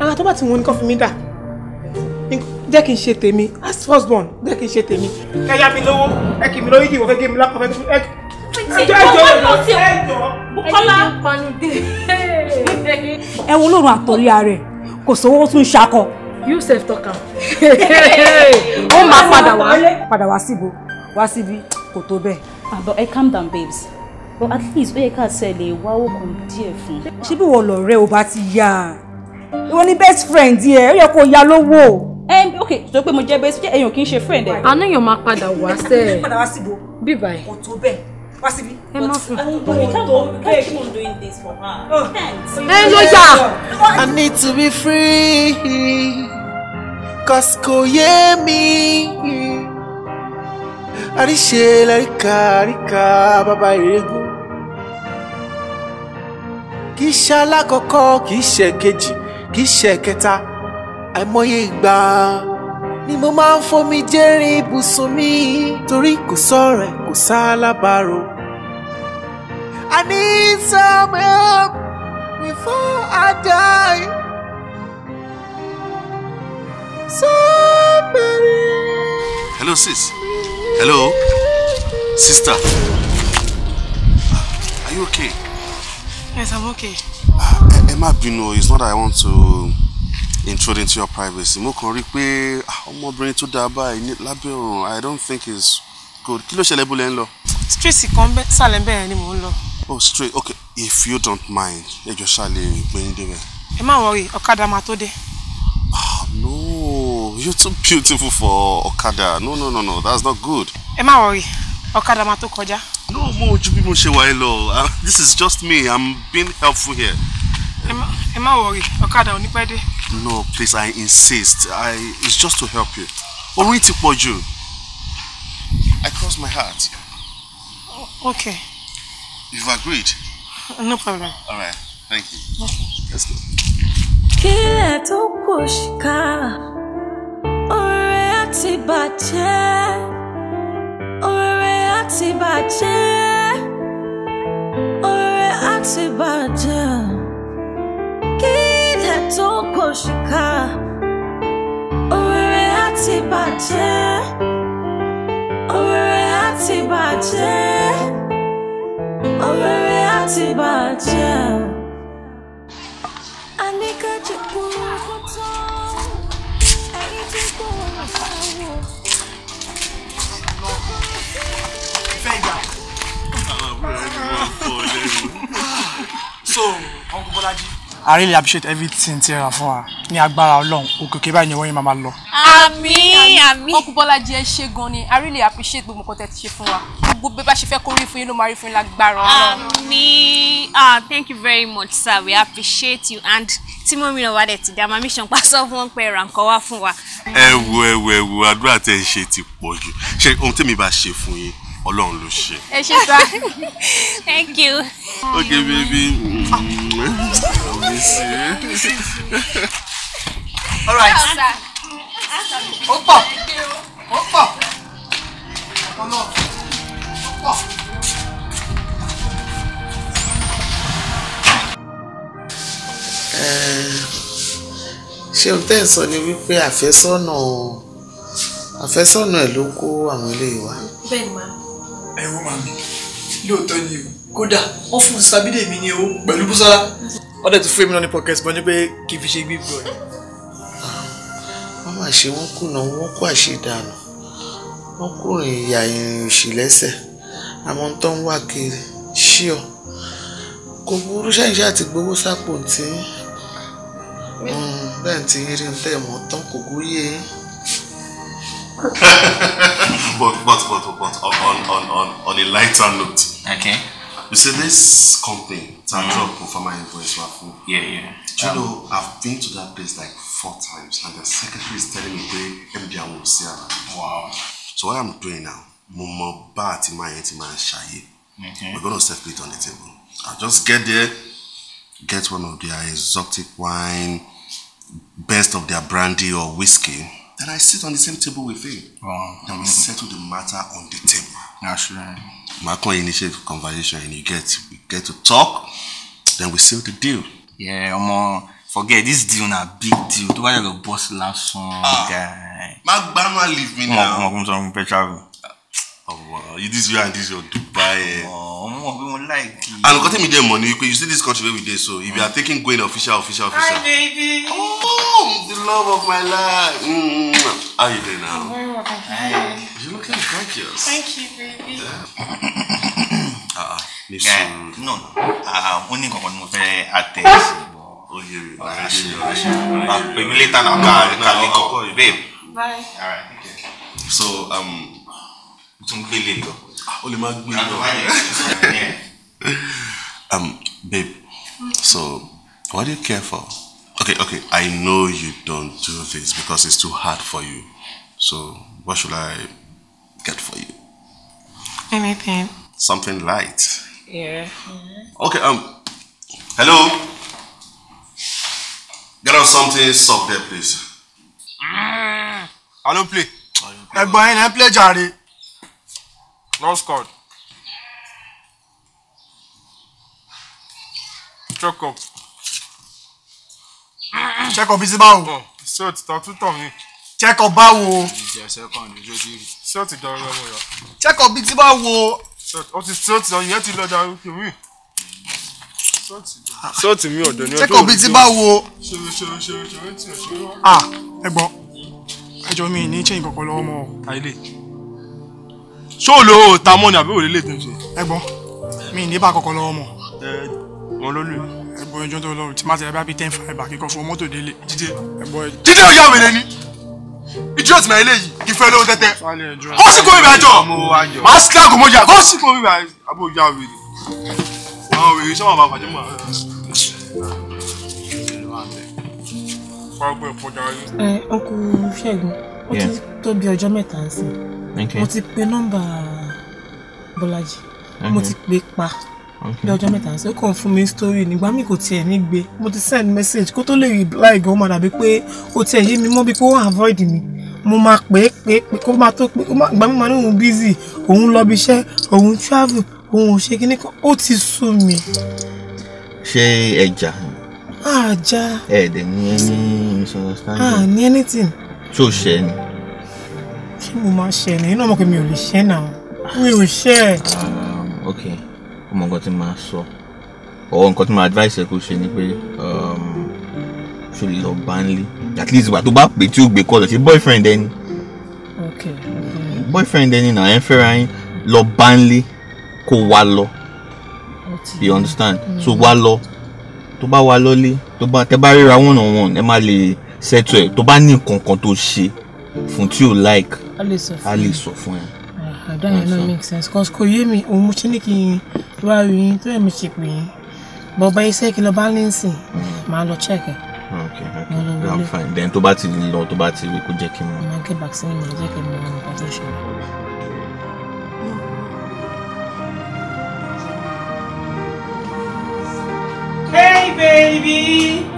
ara tó bá ti wọn ni kò fi mí dà jẹ́ kí n ṣe tèmi as first born jẹ́ kí n ṣe tèmi. ẹ yá mi lówó ẹ kì mí lówó ìdìbò fẹ́ gé mi lápò fẹ́ gé mi ẹ. ẹjọ́ ẹjọ́ ẹjọ́ ẹjọ́ Bùkọ́lá ẹ wo lóòrùn àtòrí ààrẹ kò sówó tún ṣakọ. Yusuf tọkà ó máa padà wá padà wá síbo wá síbi kò tó bẹ́ẹ̀. àbọ̀ ẹ calm down babes but at least ó yẹ ká ṣẹlẹ̀ wáwó kan díẹ̀ fún. ṣé bí wọ́n lọ rẹ ò bá ti yá ìwọ ni best friend yẹ ó yẹ kó ya lówó ẹm eh, ok sọ pé mo jẹ bẹẹ ṣe èyàn kì í ṣe friend ẹ. àníyàn máa padà wá sẹ ẹ padà wá síbo bíbá ẹ kò tó bẹ́ẹ̀ wá síbi. ẹ má fún un kò tó bẹ́ẹ̀ kí n doing this for her. Oh. ẹ ló yà. I need to be free cause kò yé mi àríṣe láríkà àríkà bàbá ìrẹ́gùn kì í ṣe alákọ̀ọ́kọ́ kì í ṣe kejì kì í ṣe kẹta àìmọye ìgbà ni mo máa ń fomi jẹ́rìn ibùsùn mi torí kò sọ̀rọ̀ kò sálábàárò. I need some help before I die. Somebody. Hello sis. Hello sister. Are you okay? Yes, I'm okay. Emma, ah, má bínú, it's not that I want to. Intruding to your privacy mo kàn rí i pé ah, ọmọbìnrin tó dáa báyìí lábẹ́ òòrùn i don't think it's good kí ló ṣẹlẹ̀ bó lẹ́ ń lọ. street kan sàlẹ̀ bẹ́ẹ̀ ni mò ń lọ. oh straight okay if you don't mind ẹ jọ ṣàlẹ̀ ìgbẹ́yìn débẹ̀. ẹ má wọrí ọ̀kadà máa tó dé. ah no you're too beautiful for ọ̀kadà no no no no that's not good. ẹ má wọrí ọ̀kadà máa tó kọjá. no mo ju bí mo ṣe wà lọ ah, this is just me i'm being helpful here. Am I worried? ọ̀kadà ò ní no please i insist i it's just to help you Only to pọ̀ you. i cross my heart. Oh, okay. you've agreed. no problem. all right thank you. okay. let's go. kílẹ̀ tó ọ̀rẹ́ àti ọ̀rẹ́ àti ọ̀rẹ́ àti tó kò ṣìkà òrèrè á ti bàjẹ́ òrèrè á ti bàjẹ́ òrèrè á ti bàjẹ́. Àníkàjẹ́ kúrò kó tán, ẹni tó kọ̀ ọ̀rọ̀ sáwọ̀. so uncle bolaji I really appreciate everything tí ẹ rà fún wa ní agbára ọlọ́run òkèké báyìí ni wọ́n yín máa máa lọ. àmín àmín ọkùnbọ́lájí ẹ ṣé gan ni I really appreciate gbogbo nǹkan tẹ́ ti ṣe fún wa gbogbo bẹ́ẹ̀ bá ṣe fẹ́ kó rí fún yín ló máa rí fún yín lágbára ọlọ́run. ah thank you very much sir we appreciate you and tí mọ́mí náà wà dẹ̀ ti dá màmí ṣan pásọ fún wọn pé ẹ̀rà nǹkan wá wa. ẹ wo ẹ wo ẹ wo àdúrà tẹ́ ti pọ̀ jù ohun tẹ́mi bá ṣe fún yín Ọlọ́run ló ṣe. ẹ ṣe sá thank you. okay baby I miss you. all right. ó pọ̀ ó pọ̀ ọmọ ó pọ̀. ṣé o tẹ́ ń sọ ni wípé àfẹ́sọ́nà àfẹ́sọ́nà ẹ̀ ló kó àwọn eléyìí wá. bẹ́ẹ̀ ni màá ẹ wo màmí lóòótọ́ ni o kódà wọ́n fún sábídé mi ní owó pẹ̀lú búsọ́lá wọ́n dẹ̀ tún fún èmi náà ní pocket money pé kì í fi ṣe gbígbọ́ ni. Ah, wọ́n máa ṣe wọ́n kùnà wọ́n kó àṣedànù wọ́n kùnrin ìyá ìrìn òṣì lẹ́sẹ̀ àmọ́ tó ń wá kiri ṣíọ kò burú ṣáìṣe àti gbowó sápò tí hmm, bẹ́ẹ̀ ti rí ń tẹ̀ mọ́ tán kò gúyè yín. <laughs> but but but but on on on on a lighter note. Okay. You see this company, Tantra mm. Mm-hmm. Performer Invoice Waffle. Yeah, yeah. Do you um, know I've been to that place like four times, and the secretary is telling me they MBA won't see Wow. So what I'm doing now, mo mọ bá àti Okay. We're gonna set it on the table. I'll just get there, get one of their exotic wine, best of their brandy or whiskey. Then I sit on the same table with him. Wow. Then we settle the matter on the table. That's right. Makon initiate conversation and you get we get to talk. Then we seal the deal. Yeah, ọmọ forget this deal na big deal. Tó bá yẹ kó boss lásán. Ah, Má gbá má leave me now. Ọmọ ọmọ ọmọ sọ fún Petra ọmọ oh, you this your and this your dubai ẹ. ọmọ bí wọn láìkí. and nǹkan tẹ́mi dẹ̀ mọ̀ ni pé you see this country wey we dey so if you are taking going official official official. hi baby. oh the love of my life. Mm. how you dey now. very well thank you. Hi. you gorgeous. thank you baby. <coughs> ah. ah sùúrù. no ah, ah, mo ní nǹkan kan ni mo fẹ́ attend sí. oye mi ọ̀rẹ́ ṣe ọ̀rẹ́ ṣe. pèmí létà náà ká rí ká lẹ́kọ̀ọ́ babe. bye. all right. Okay. so. Um, Ah, um babe so what do you care for okay okay I know you don't do this because it's too hard for you so what should I get for you. anything. something light. yeah. okay um hello get us something soft there please. Ah. I don't play. ẹ̀gbọ́n yẹn lẹ́ ń play No scored. Jacob. Jacob isi báwo. Ṣé o ti tọ́ tútọ̀ mi? Jacob báwo. Ṣé o ti dọ̀rọ̀ ọmọ yọ? Jacob isi báwo. O ti ṣé o ti dọ̀rọ̀ ìyẹn ti lọ darí òkè mi. Ṣé o ti mi ọ̀dọ̀ ní ọdún òdò? Jacob isi báwo. Ṣòro ṣòro ṣòro ṣòro ti ṣó lo ta mọ́ni àbí òrèlè tó ń ṣe. ẹ̀gbọ́n mi ì ní bá kọkọ lọ́wọ́ mọ. ẹ wọn ló lù. ẹ̀gbọ́n ẹjọ́ tó lọrùn tí má ti rẹ bá bí ten five bá kíkọ fún mọ́tò délé jíde. jíde ò yá wèrè ni idiot na eléyìí kì í fẹ́ lówó tẹ́tẹ́ kó sì kó mi bàjọ́ máa sì kíláàgù mọ́jà kó sì kó mi bàjọ́ abó ìyá wèrè àwọn wèrè sọ́wọ́n bá bàjẹ́ mọ́ àwọn. ọkùnrin ṣẹ́gun ó ti tó bí ọjọ́ mẹ́ta ń sìn mo ti pe nọ́mbà Bọ́lájí mo ti pe pa bí ọjọ́ mẹ́ta ṣe kò fún mi story nígbà mi kò tiẹ̀ ní gbé mo ti send message kó tó lè reply gan máa dàbí pé kò tiẹ̀ yé mi mọ́ bí pé ó avoid mi mo máa pè é pè é pè kó máa tó pé ìgbà mi máa ní òun busy òun lọ bí iṣẹ́ òun travel òun ò ṣe kíní kan ó ti sú mi. ṣé ẹja. àjà. ẹ̀ẹ́dẹ̀ ni ẹni misunderstanding. ah ni anything. tó ṣẹ́ ni ṣé mo máa ṣe ẹ̀ náà iná ọmọ kò mi ò lè ṣe um, ok ọmọ nǹkan tí màá sọ ọwọ́ nǹkan tí màá advice ẹ kó ṣe ni pé um, ṣe lè lọ bá at least tu tó bá pè tí ó gbé kọ́ lọ sí boyfriend ẹni boyfriend ẹni náà ẹ ń fẹ́ra yín lọ bá ń lé you understand mm. so wá lọ tó bá wá lọlé tó bá tẹ one on one ẹ má lè settle ẹ tó bá ní nǹkan kan tó fún tí o like a lè sọ fún ẹ. àdá yẹn náà make sense cause kò yé mi òun mo ṣe ní kí n wá rí yín tó yẹ mi ṣe pé yín bọ̀bá iṣẹ́ kí lọ bá ní sìn hmm. máa lọ check ok ok i'm fine then tó bá ti lọ tó bá ti rí kó jẹ́ kí n mọ̀. mo máa ń ké vaccine mi jẹ́ kí n mọ̀ nípa tó ṣe. Hey baby!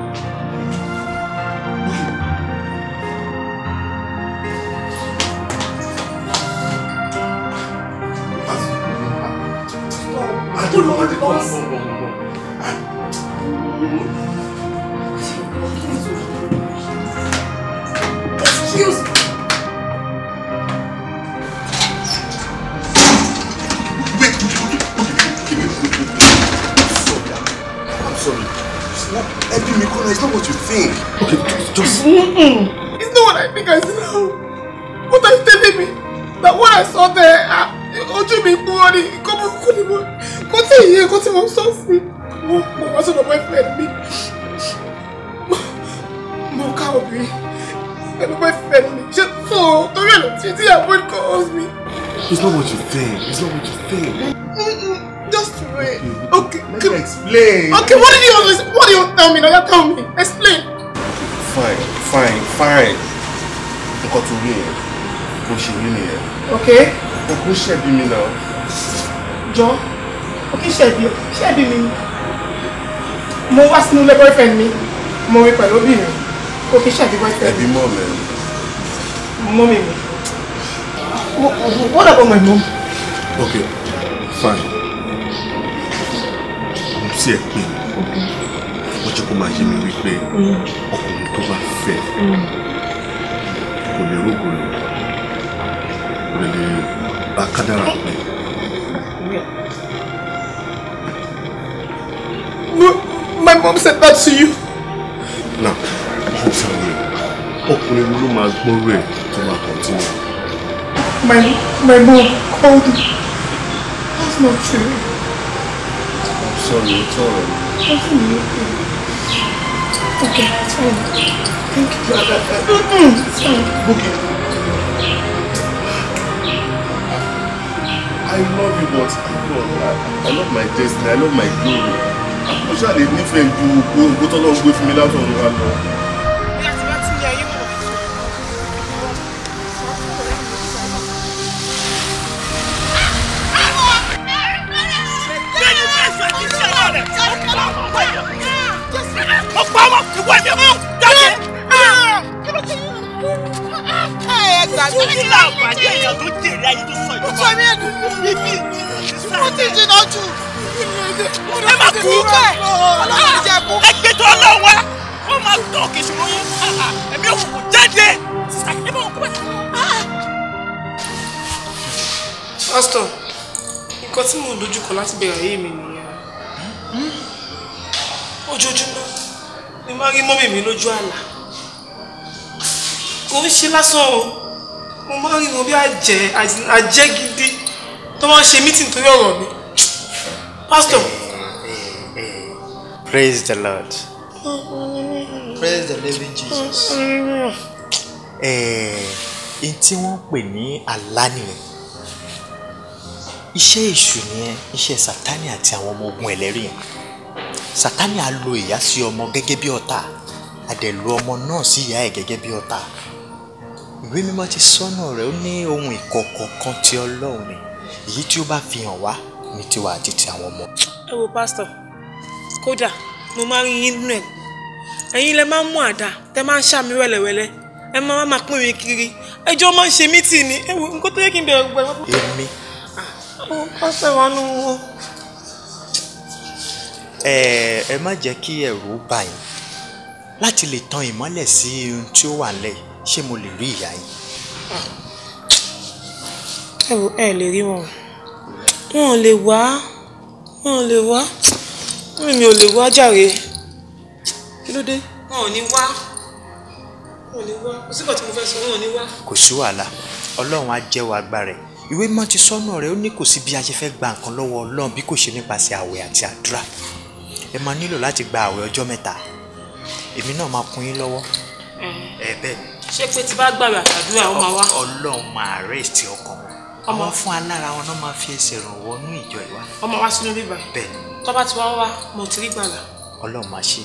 Mm-mm. It's not what I think I see now. What are you telling me? That what I saw there, ah, ojú mi kú ọ́ ni, kó mo kú ni mo, kó tí ìyẹn kó tí mo sọ sí. Mo mo wá sọ̀rọ̀ boyfriend mi. Mo ká obìnrin pẹ̀lú boyfriend mi. Ṣé tó torí ẹ̀ ló ti tí avoid calls me? It's not what you think. It's not what you think. Mm-mm. Just wait. Okay. Let me explain. Okay, what did you always, what do you tell me? Now you tell me. Explain. Fine fine fine nǹkan tó rí yẹn bó ṣe rí nìyẹn. ok. òkú ṣẹ̀bi mi náà. jọ òkú ṣẹ̀bi ṣẹ̀bi mi mo wá sínú ilé boyfriend mi mo rí pẹ̀lú obìnrin òkú ṣẹ̀bi boyfriend mi. ẹbí mọ́ mi. mọ́ mi mi. what about my mom. ok fine mo ti ẹ pé mo jẹ́ kó máa yé mi wípé mm. ọkùnrin tó bá fẹ́ kò lè My mom said that to you. Now, you tell me, ọkùnrin wo ló máa gbọ́rọ̀ ẹ̀ tó máa continue? My, my mom called me. That's not true. I'm sorry, it's all right. That's not true. Okay, I love you, but I love, I, love my destiny. I love my glory. they ṣáà lè nífẹ̀ẹ́ go, gbogbo tọ́lọ́ gbé fún mi látọ̀run wa lọ. wẹ̀ mí mú jáde. Nígbà bàjẹ́ èèyàn tó jèrè ayé tó sọ ìjọba. Ó sọ mí ẹ̀dùn. Ibi mo ti jìnnà jù. Ẹ máa kú. Ọlọ́run jẹ kú. Ẹ gbé tó ọlọ́run wá. Wọ́n máa tọ̀ kí ìṣòro yẹn. Ẹ̀mí òkùnkùn jáde. Sísá kí ẹ bá wọn kú bẹ́ẹ̀. Pásítọ̀, nǹkan tí mò ń dojúkọ láti bẹ̀rẹ̀ ayé mi nìyẹn. Hmm? Hmm? Ojoojúmọ́ ni má rí mọ́mì mi lójú àlá kò ń ṣe lásán o mo máa rí wọn bí àjẹ́ gidi tó máa ń ṣe mítìn torí ọ̀rọ̀ mi pásítọ̀. Praise the Lord. Praise the living Jesus. Ẹ̀ẹ́n tí wọ́n pè ní àlá nìyẹn iṣẹ́ èṣù nìyẹn iṣẹ́ sátani àti àwọn ọmọ ogun ẹlẹ́rìí yẹn. Sátánì á lo ìyá sí ọmọ gẹ́gẹ́ bí ọ̀tá á dẹ̀ lo ọmọ náà sí ìyá ẹ̀ gẹ́gẹ́ bí ọ̀tá ìwé mímọ́ ti sọ́nà rẹ̀ ó ní ohun ìkọ̀kọ̀ kan ti Ọlọ́run ni èyí tí ó bá fi hàn wá ní tiwa àti ti àwọn ọmọ. ẹ wo pásítọ̀ kódà mo máa ń yín nínú ẹ̀ ẹ̀yin lẹ máa ń mú àdá tẹ máa ń ṣàmì wẹ́lẹ́wẹ́lẹ́ ẹ máa máa pín mi kiri ẹjọ́ máa ń ṣe mí tì ní ẹ wo nǹkan tó yẹ kí n bẹ̀rù gbẹ̀rù. èmi. ó ah, pásítọ̀ wa nù wọ́n ẹ má jẹ́ kí ẹ̀rù bà yín láti lè tan ìmọ́lẹ̀ sí ohun tí ó wà lẹ̀ ṣé mo lè rí ìyá yín. ẹ wo ẹ lè rí wọn wọn ò lè wá wọn ò lè wá mi ò lè wá jàre kí ló dé. wọn ò ní wá wọn ò ní wá kò síbò tí mo fẹ́ sọ wọn ò ní wá. kò sí wàhálà ọlọ́run á jẹ́wọ́ agbára ẹ̀ ìwé mímọ́ ti sọ́nà rẹ̀ ó ní kò sí bí a ṣe fẹ́ gba nǹkan lọ́wọ́ ọlọ́run bí kò ṣe nípasẹ̀ àwẹ̀ àti àdúrà ẹ máa nílò láti gba àwẹ̀ ọjọ́ mẹ́ta èmi náà máa kún yín lọ́wọ́. Eh. ẹ bẹ́ẹ̀. ṣé pé tí bá gbàgbé àtàdúrà ó máa wá. ọlọ́run máa arrest ọkàn wọn àwọn fún alára wọn náà máa fi ẹsẹ̀ ràn wọnú ìjọ ìwà. ọmọ wa sínú bíbá. bẹ́ẹ̀ni. tó bá ti wá wá mo ti rí gbàgbà. ọlọ́run máa ṣe.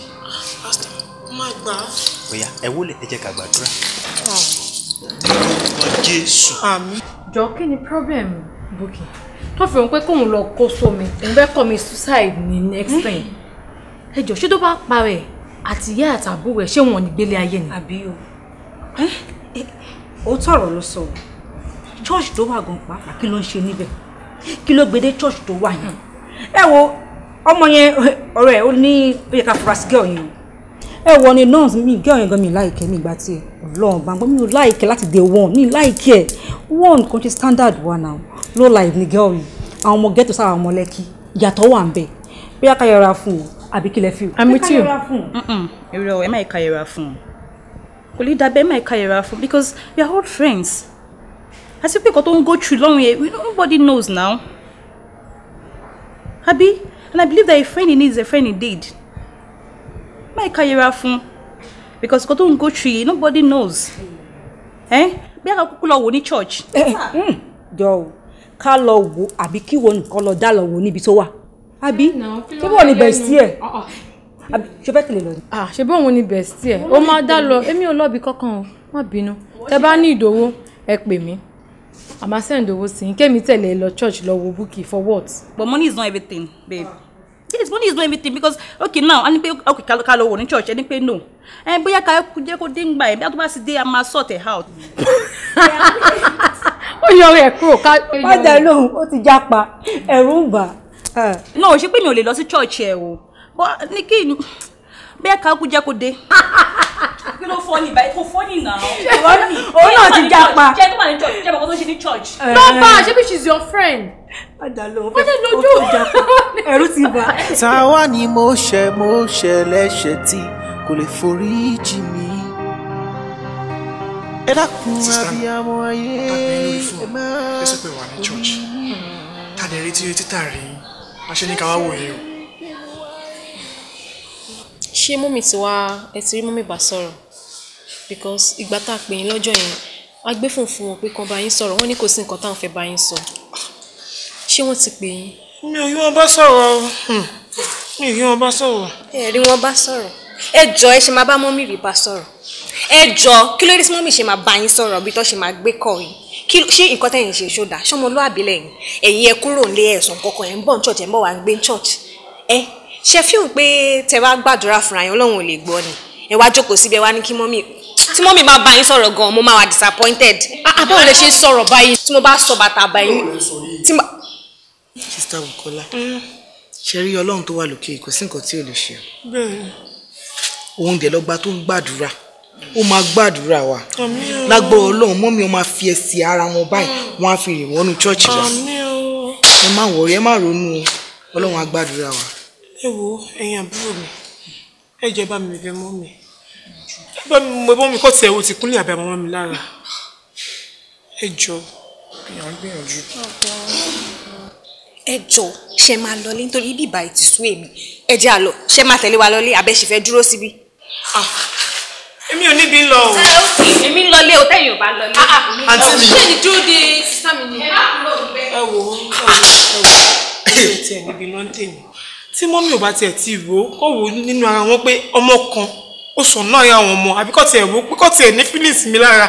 pásítọ̀ má gbà á. bóyá ẹ wọlé ẹ jẹ́ ká gbàdúrà. ọmọ oh. jésù. àmín. jọ kí ni problem Bukky tó fi hàn pé kóun lọ kó sómi òun fẹ́ commit suicide ní next hmm? time ẹjọ ṣé tó bá pa rẹ àti ìyá àtàbú rẹ ṣé wọn ní gbélé ayé ni. àbí o ó tọrọ ló sọ o church tó wà gan pàápàá kí ló ń ṣe níbẹ̀ kí ló gbé dé church tó wà yẹn ẹ wo ọmọ yẹn ọ̀rọ̀ ẹ ó ní ó yẹ ká fura sí gẹ́ọ̀ yẹn o ẹ wọ ni nurse mi gẹ́ọ̀ yẹn gan mi láìkẹ́ mi ìgbà tiẹ̀ ọlọ́run bá ń gbọ́ mi ò láìkẹ́ láti dé one mi láìkẹ́ one kan ṣe standard wa now low life ni gẹ́ọ̀ yìí àwọn ọmọ ghetto sára ọmọ lẹ́kì ìyàtọ̀ wà ń bẹ̀ bóyá ká yẹra fún o àbí kí lẹ fi. àmì You o èrò ẹ máa ka yẹra fún un kò lè dàbẹ́ máa ka yẹra fún un because we are old friends As if kò tó ń go through long, yẹn nobody knows now àbí and I believe that a friend in need is a friend indeed máa ka yẹra fún because kò tó go through yẹn nobody knows eh? bí a kà kúkú lọ wò ní church. Eh, hmm, jọ o ká lọ wò àbí kí wọn nǹkan lọ dá lọ wò níbi tó wà. Abi, ṣé bọ́ọ̀ ni bẹ̀sì ẹ̀ ah, ah. ṣe fẹ́ tẹ̀lé lọ ni. ṣe bọ́ọ̀ wọn ni bẹ̀sì ẹ̀ ó máa dá lọ èmi ò lọ́ọ̀bì kankan o má bínú tẹ bá ní ìdòwó ẹ pè mí àmà sẹ́ǹdòwó sí i kémi tẹ̀lé lọ church lọ wo búkì for what. but money is not everything babe. yes money is not everything because okay now ẹni pé okay ká lọ ká lọ wò ní church ẹni pé no ẹ bóyá ká jẹ́ kó dé ń gbà ẹ̀ bí a tó bá sì dé a máa sort ẹ̀ out. <laughs> ó yọ ẹ̀ kúrò ká. wọ́n dá lóhùn ó ti jápa ẹ̀rù ń bà no ṣe pé mi ò lè lọ sí church ẹ o ní kí ni bẹ́ẹ̀ ká kú jẹ́ kó dé. <laughs> kí ló fọ́ ni báyìí kò fọ́ ni náà. òun náà ti japa. jẹ́ tó wà ní church jẹ́ bàbá tó ṣe ní church. nọ́mbà ṣebí she's your friend. padà lọ fẹ́ lójú ẹ̀rú ti bà. táwa ni mo ṣe mo ṣe lẹ́ṣẹ̀ tí kò lè forí jì mí. ẹ dákun abiyamọ ayé ẹ máa bí. tàdé retí retí tàrí la ṣe ní ká wá wò yìí o. ṣé mọ́mì ti wá ẹ ti rí mọ́mì bá sọ̀rọ̀ because ìgbà tá a pè yín lọ́jọ́ yẹn a gbé fún fún wọn pé kàn bá yín sọ̀rọ̀ wọ́n ní kò sí nǹkan táwọn fẹ́ bá yín sọ ṣé wọ́n ti pè yín. mi ò rí wọn bá sọ̀rọ̀ hmm. mi ò rí wọn bá sọ̀rọ̀. ẹ rí wọn bá sọ̀rọ̀ ẹ jọ ẹ ṣe máa bá mọ́mì rí bá sọ̀rọ̀ ẹ jọ kí ló dé tí mọ́mì ṣe máa bá yín sọ̀rọ̀ bí tó ṣe máa gbé kọ̀ yìí kí ṣé nǹkan tẹ̀yìn ṣe ṣó dáa ṣọmọlúàbí lẹ́yìn ẹ̀yin ẹ kúrò nílé ẹ̀sùn kọ̀ọ̀kan ẹ̀ ń bọ̀ ní church ẹ̀ ń bọ̀ wá ń gbé church ẹ ṣe fíhùn pé tẹ wá gbàdúrà fúnra yín ọlọ́run ò lè gbọ́ ni ẹ wá jókòó síbẹ̀ wá ní kí mọ́mì tí mọ́mì máa bá yín sọ̀rọ̀ gan mo máa wà disappointed àbáwo lè ṣe sọ̀rọ̀ báyìí tí mo bá sọ bàtà báyìí sista Bukola ṣe ó máa gbàdúrà wa lágbára ọlọ́run mọ́ mi ó máa fi ẹsẹ̀ ara wọn báyìí mm. wọ́n á fi rìn wọnú chọ́ọ̀chì wa ẹ má wọrí ẹ má ronú ọlọ́run á gbàdúrà wa. ẹ wo ẹ̀yin àbúrò mi ẹ jẹ́ bá mi bẹ̀ mọ́ mi bá mi mo bọ́ mi kọ́ tiẹ̀ wo ti kúnlẹ̀ àbí àmọ́ mi lára ẹ jọ. ẹ jọ ṣe máa lọlé nítorí bíbá ìtìsú èmi ẹ jẹ́ àlọ́ ṣe máa tẹ̀lé wa lọlé àbẹ́ṣẹ̀fẹ́ dúró síbí. Ah, èmi ò níbi lọ o. èmi ń lọ ilé o tẹ́yìn ò bá lọ ilé. Ah, ah, àǹtí mi ṣé ni dúró de sísá mi ni. ẹ wò ó ẹ wò ó ẹ tiẹ̀ níbi lọ ń tèmi tí mọ́mí ò bá tiẹ̀ ti rò ó kó wò ó nínú ara wọn pé ọmọ kan ó sọ náà ya àwọn ọmọ àbí kọ́ tiẹ̀ wò ó pé kọ́ tiẹ̀ ní feelings mi lára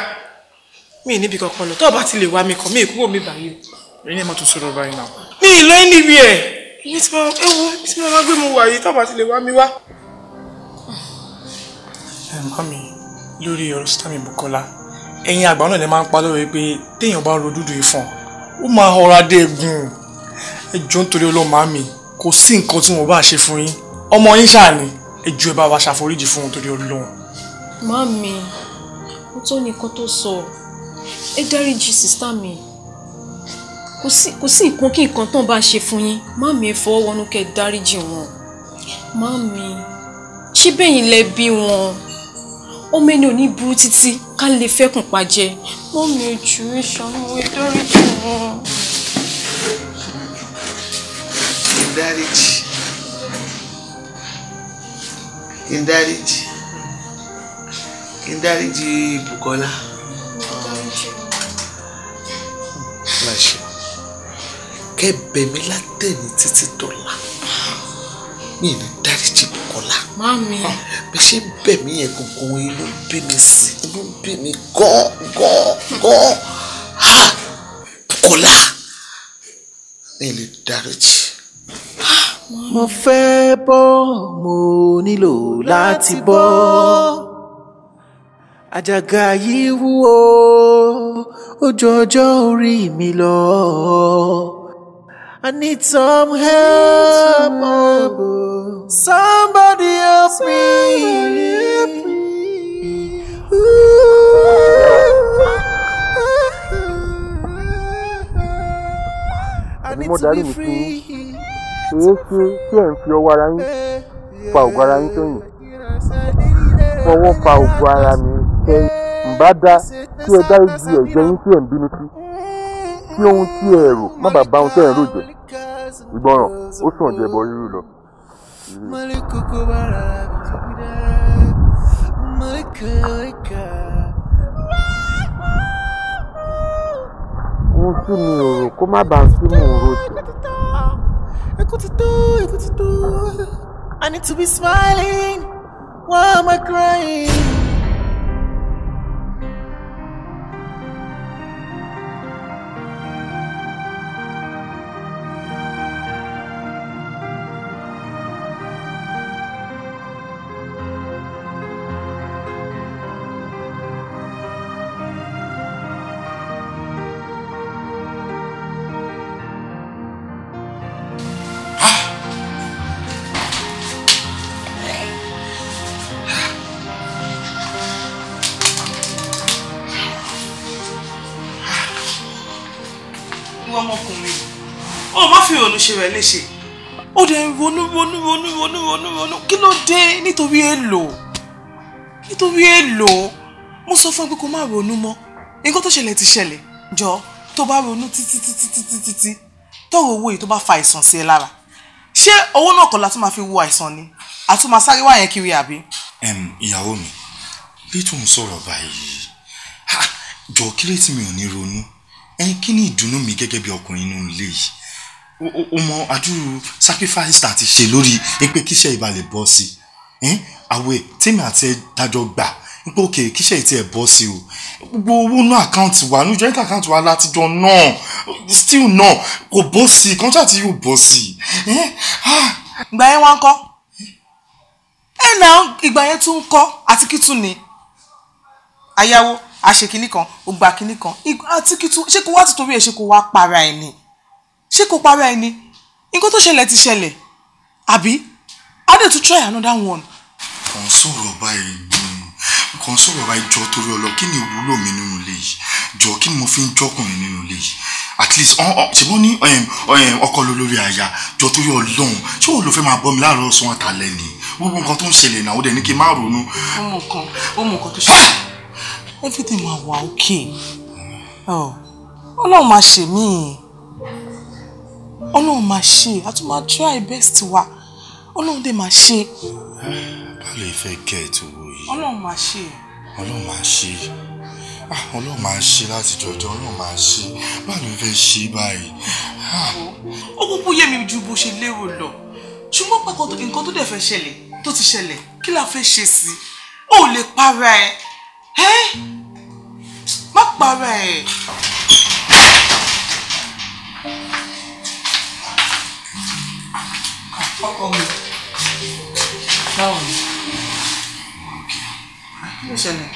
mi níbi kankan lọ tó o bá ti lè wá mi kàn mí kúrò mi báyìí o. èyí ni mo tún sọ̀rọ̀ báyìí náà. mi ì lọ níbi ẹ̀ ibi tí mo ewu ibi tí mo máa gbé mu wà yìí tó o bá ti lè wá mi wá. ẹ̀ ń kọ́ mi lórí ọ̀rọ̀ Sítàmì Bùkọ́lá ẹ̀yin àgbà náà lè máa ń pa lóore pé téèyàn bá ro dúdú ìfọ̀n ó máa ọ̀rọ̀ adé egun ẹjọ́ nítorí ọlọ́mọ mi kò sí nǹkan tí wọ́n bá ṣe fún yín ọmọ yín ṣáà ni ẹjọ́ ẹ bá wa ṣàforíjì fún òun torí Ọlọ́run. Màmí, mo tó nìkan tó sọ, ẹ dáríjì sísá mi kò sí nǹkan kí nǹkan tán bá ṣe fún yín màmí ẹ fọwọ́ wọnú kẹ́ ẹ dáríjì wọn màmí ṣé bẹ́yìn lẹ bí wọn ọmọ ẹni ò ní burú títí ká lè fẹ́kùn pàjẹ́ mọ́ mi ò jù ú ṣàánú ìdáríjì wọn. ìdáríjì ìdáríjì ìdáríjì Bùkọ́lá. ìdáríjì. kẹ́ bẹ̀ mí látẹ̀yìn títí mi ní dáríjì Bùkọ́lá mami ah, bí ṣe ń bẹ̀ mí yẹn gbogbo inú bí mi sí inú bí mi gan gan gan Bùkọ́lá ní ilé dáríjì. Ah, mo fẹ́ bọ́ mo nílò láti bọ́ àjàgà yìí wúwo ó jọjọ́ orí mi lọ. I need some help. Oh, somebody help me. Help me. I need to be free. èyí ṣe tí ẹ̀ ń fi ọwọ́ ara yín fa ògùn ara yín sẹ́yìn fọwọ́ fa ògùn ara mi sẹ́yìn ń bá dá kí ẹ dárí ju ẹ̀jẹ̀ yín tí ẹ̀ ń bínú sí kí ohun tí ẹ rò má bàa bá ohun tí ẹ rò jẹ ìgbọràn ó sàn jẹ bọ rírù lọ. ohun tí mi ò rò kó má bàa tí mò ń rò jẹ. I need to be smiling. Why am I crying? nítorí èlò nítorí èlò mo sọ fún ẹ pé kó má ronú mọ́ nǹkan tó ṣẹlẹ̀ ti ṣẹlẹ̀ jọ tó bá ronú títí títí títí títí tọrọ owó yìí tó bá fa àìsàn sí ẹ lára ṣé owó náà kọ́ la tún máa fi wo àìsàn ni àtún máa sáré wá yẹn kiri àbí. ìyàwó mi bí tó ń sọ̀rọ̀ báyìí jọ kí lè tí mi ò ní ronú kí ni ìdùnnú mi gẹ́gẹ́ bí ọkùnrin nínú ilé yìí o mọ àdúrú sacrifice tá a ti ṣe lórí pé kíṣẹ́ ìbálẹ̀ bọ́ sí i àwẹ̀ tèmi àti ẹ tajọ gbà nípa òkè kíṣẹ́ ìtì ẹ̀ bọ́ sí o gbogbo owó náà àkáǹtì wa ní joint account wa látijọ́ náà still náà kò bọ́ sí i contract yóò bọ́ sí i. Ah. ìgbà yẹn wọn kọ́ ẹ náà ìgbà yẹn tún kọ́ àti kí tún ni ayáwó àṣekínní kan ògbà kínní kan àti kí ṣé kó wá ti torí ẹ̀ ṣé kó wá para ẹ̀ ni ṣé kó para ẹ̀ ni nǹkan tó ṣẹlẹ̀ ti ṣẹlẹ̀ àbí adé tún try another one kàn sọ̀rọ̀ báyìí kàn sọ̀rọ̀ báyìí jọ torí ọlọ kí ni ìwúlò mi nínú ilé yìí jọ kí ni mo fi ń jọkùnrin nínú ilé yìí at least ṣùgbọ́n ní ọkọ lórí àyà jọ torí ọlọ́run ṣé òun ló fẹ́ máa bọ́ mi láàárọ̀ ọ̀sán àtàlẹ́ ni gbogbo nǹkan tó ń ṣẹlẹ̀ náà ó dẹ̀ ní kí n má ronú. ó mọ nǹkan ó mọ nǹkan tó ṣẹlẹ̀ everything ma wà òkè oh, ọlọ́run máa ṣe mí ọlọ́run máa ṣe a try best wa ọlọ́run dẹ̀ máa ṣe baálé ìfẹ́ gẹ̀ ètò owó yìí. ọlọ́run máa ṣe é. ọlọ́run máa ṣe é ah, ọlọ́run máa ṣe láti jọjọ ọlọ́run máa ṣe báwo ni fẹ́ ṣe báyìí. Ah. ó kúkú yé mi ju bó ṣe lérò lọ ṣùgbọ́n pàkó nǹkan tó dẹ̀ fẹ́ ṣẹlẹ̀ tó ti ṣẹlẹ̀ kí la fẹ́ ṣe sí i ó lè para ẹ ẹ́ má para ẹ. Ah, ọkọ mi báwo ni ló ṣẹlẹ̀.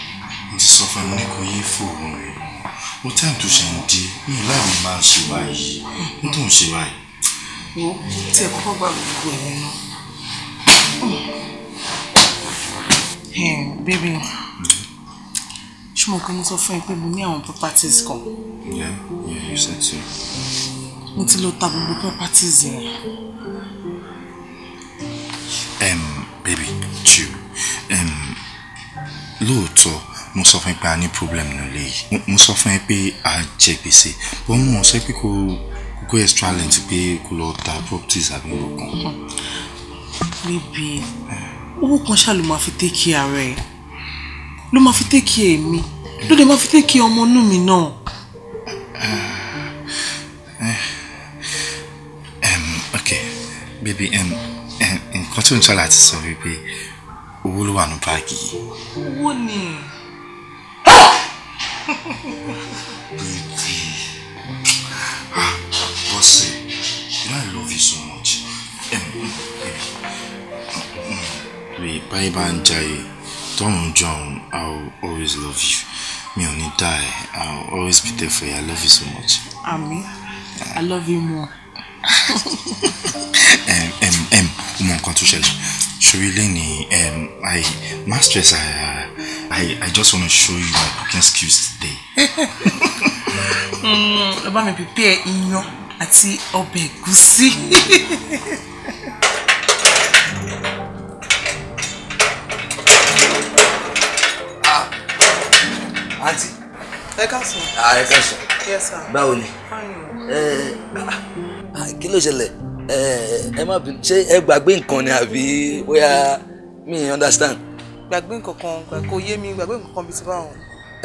mo ti sọ fún ẹ mo ní kò yé fóònù rẹ mo tẹ́ àtúntò ṣe ń di mi láàbí máa ṣe báyìí mo tó ń ṣe báyìí. wo tí ẹ kọ́kọ́ gbà gbogbo ẹ̀yẹ náà. Hmm. bébí ṣé mo kọ́ mo sọ fún ẹ pé mo ní àwọn properties kan. mo ti lọ ta gbogbo properties yẹn. Um, baby, chew lóòótọ́ mo sọ fún ẹ pé a ní problem nílé yìí mo sọ fún ẹ pé a jẹ gbèsè wọn mú ọ sọ pé kò go extra length pé kò lọ ta properties àbí nǹkan. níbi eh. owó kan ṣáà ló máa fi take care ara ẹ ló máa fi take care mi ló dé máa fi take care ọmọ inú mi náà. Eh. Eh. ok baby nǹkan tí ò ń sọ láti sọ wípé owó ló wà ní báàgì yìí. owó ni. bíbí ah, bọ́sẹ̀ you know I love you so much. rè báyìí bá ń jayé tọ́run jọ̀hún I will always love you mi ò ní die I will always be there for you I love you so much. Ami. I love you more. um, <laughs> um, mọ nǹkan tó ṣẹlẹ̀ ṣorí lẹ́ni i mistress, i i i just wanna show you my cooking skills today. ẹ mm, bá me prepare iyán àti ọbẹ̀ ẹ̀gúsí. Ah. Auntie. ká Ah, ẹ Yes, sir. báwo ni. Eh, ah, ah kilo ṣẹlẹ̀ ẹ má bínú ṣé ẹ gbàgbé nǹkan ni àbí bóyá mi understand. gbàgbé nǹkan kan kò yé mi gbàgbé nǹkan kan bíi ti báwọn.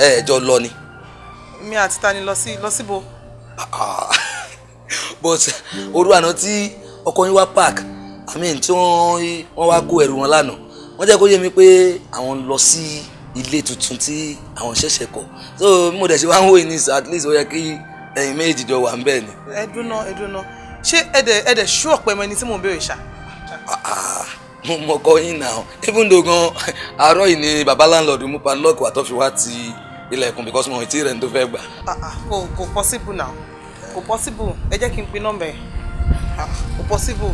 ẹ ẹ jọ lọ ni. mi àti ta ni lọ sí lọ síbo. Ah, ah. but orú àná tí ọkọ yín wá park i mean tí wọ́n wá kó ẹrù wọn lánàá wọ́n jẹ́ kó yé mi pé àwọn lọ sí ilé tuntun tí àwọn ṣẹ̀ṣẹ̀ kọ́ so mo dẹ̀ ṣe wá ń wò ní at least ó yẹ kí ẹ̀yin méjì jọ wà ń bẹ̀ ni. ẹ dúná ẹ dúná ṣé ẹ̀dẹ̀ ẹ̀dẹ̀ ṣú ọ̀pẹ mọ ẹni tí mò ń béèrè ṣá. Ah, mo mọ ọkọ yín náà even though gan àárọ̀ yìí ni baba landlord mú padlock wà tó fi wá ti ilẹ̀kùn because mo ti rẹ̀ ń tó fẹ́ gbà. Ah, ah, kò kò possible now kò possible ẹ jẹ́ kí n pin nọ́mbà ẹ̀ kò possible.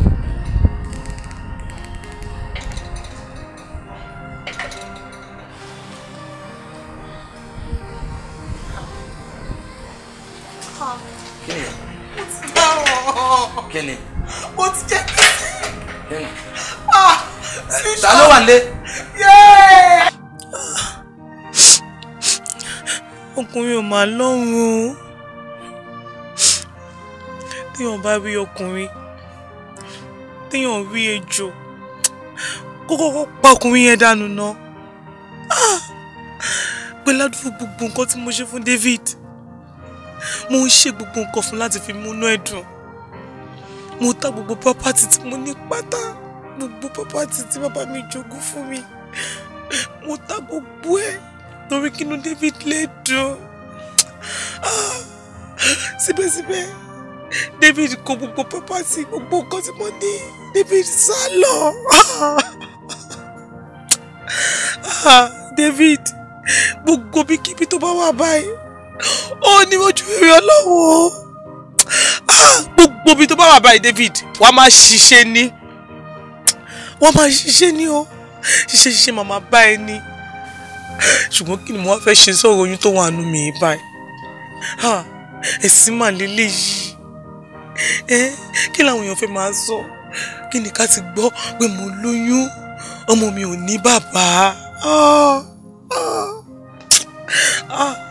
<laughs> kí ni. mo ti jẹ́ kí ah, eh, sí. ta ló wà nílé. ọkùnrin ò máa lọ́rùn o téèyàn bá rí ọkùnrin téèyàn rí ejò kókó pa ọkùnrin yẹn dànù náà ah! pé ládùúgbò gbogbo nǹkan tí mo ṣe fún David mo ń ṣe gbogbo nǹkan fún láti fi múnú ẹ̀dùn. E mo ta gbogbo property tí mo ní pátá gbogbo property tí bàbá mi jogún fún mi mo ta gbogbo ẹ̀ torí kínú David lè dùn ah, síbẹ̀síbẹ̀ David kó gbogbo property gbogbo nǹkan tí mo ní David sá lọ ah, ah, David gbogbo bíkíbi tó bá wà báyìí ó ní ojú rere ọlọ́wọ́ gbogbo ibi tó bá wà báyìí David wàá máa ṣiṣẹ́ ní wàá máa ṣiṣẹ́ ní o ṣiṣẹ́ ṣiṣẹ́ màmá bá ẹ ní kí ni mo wá fẹ́ ṣe sọ̀rọ̀ oyún tó wà nù mí báyìí ẹ̀sìn mà lélẹ́yìí kí làwọn èèyàn fẹ́ máa sọ kí ni ká ti gbọ́ pé mo lóyún ọmọ mi ò ní bàbá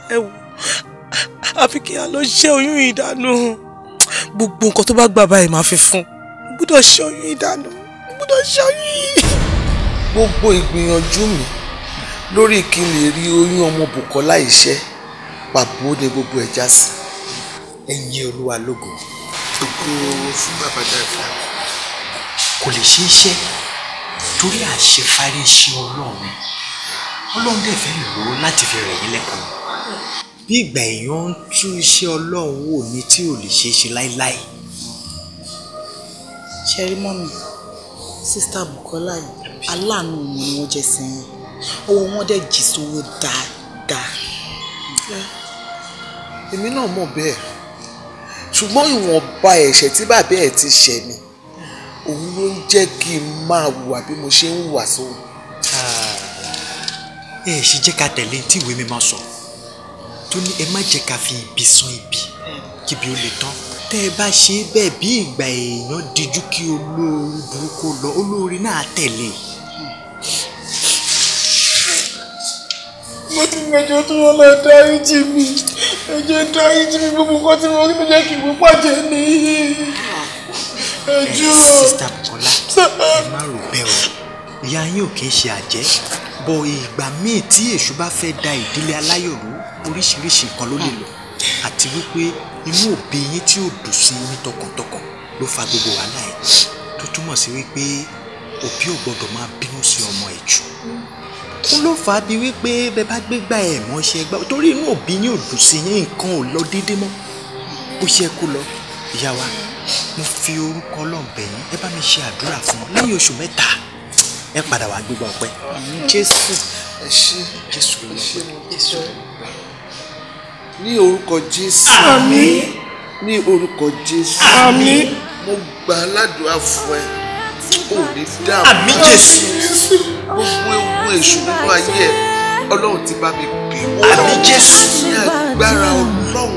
ẹ wò àfi kí a lọ ṣẹ́ oyún ìdánù gbogbo nǹkan tó bá gbà báyìí máa fi fún un gbọ́dọ̀ ṣe oyún ìdáná gbọ́dọ̀ ṣe oyún yìí. gbogbo ìgbìyànjú mi lórí kí n lè rí oyún ọmọ Bùkọ́lá iṣẹ́ pàbó ni gbogbo ẹ̀ já sí ẹ̀yin olúwa lógo. gbogbo fún bàbá dàgbà kò lè ṣe iṣẹ́ torí àṣefárí iṣẹ́ ọlọ́run ọlọ́run dẹ̀ fẹ́ lò ó láti fi rẹ̀ yín lẹ́kọ̀ọ́ bí ìgbà èèyàn ń tú iṣẹ́ ọlọ́run wò ní tí ò lè ṣeé ṣe láéláé. ṣẹ́rí mọ́ mi sísítà Bùkọ́lá yìí aláàánú wọn ni wọ́n jẹ́ sẹ́yìn owó wọn dẹ̀ jì sówó dáadáa. èmi náà mọ̀ bẹ́ẹ̀ ṣùgbọ́n ìwọ̀nba ẹ̀ṣẹ̀ tí bàbá ẹ̀ ti ṣẹ̀ ni òun ló ń jẹ́ kí n máa hùwà bí mo ṣe ń hùwà sóhun. ẹ ṣì jẹ́ ká tẹ̀lé tí ìwé mi máa sọ. So tó ní ẹ má jẹ́ ká fi ibi san ibi hmm. kíbi ó lè tán tẹ́ ẹ bá ṣe bẹ́ẹ̀ bí ìgbà èèyàn dijú kí olórí burúkú lọ olórí náà tẹ̀lé. mo ti mẹjọ tó wọn lọ dáríjì mi ẹjọ́ dáríjì mi gbogbo nǹkan tí mo rí mi kí n mú pàjẹ́ ní ẹjọ́. sista Bukola ẹ má rò bẹ́ẹ̀ o ìyá yín ò kì í ṣe àjẹ́ bọ̀ ìgbà míì tí èṣù bá fẹ́ da ìdílé aláyọ̀ oríṣiríṣi nǹkan ló lè lò àti wípé inú òbí yín tí ò dùn sí yín tọkàntọkàn ló fa gbogbo wàhálà ẹ̀ tó túmọ̀ sí wípé òbí ò gbọdọ̀ máa bínú sí ọmọ ẹ̀ jù ó ló fà á bí wípé bẹ bá gbégbá ẹ̀ mọ́ ṣe gbá torí inú òbí yín ò dùn sí yín nǹkan ò lọ déédé mọ́ bó ṣe kó lọ ìyá wa mo fi orúkọ ọlọ́ọ̀bẹ̀ yín ẹ bá mi ṣe àdúrà fún un lẹ́yìn oṣù mẹ́ta ẹ padà wá gbégbá ọpẹ́. jésù jésù lọ pẹ́ jésù ní orúkọ jésù àmín ní orúkọ jésù àmín mo gbà aládùá fún ẹ ò ní dáàbò àmín jésù gbogbo ewu èṣù nínú ayé ẹ ọlọ́run ti bá mi bí wọ́n àmín jésù ní agbára ọlọ́run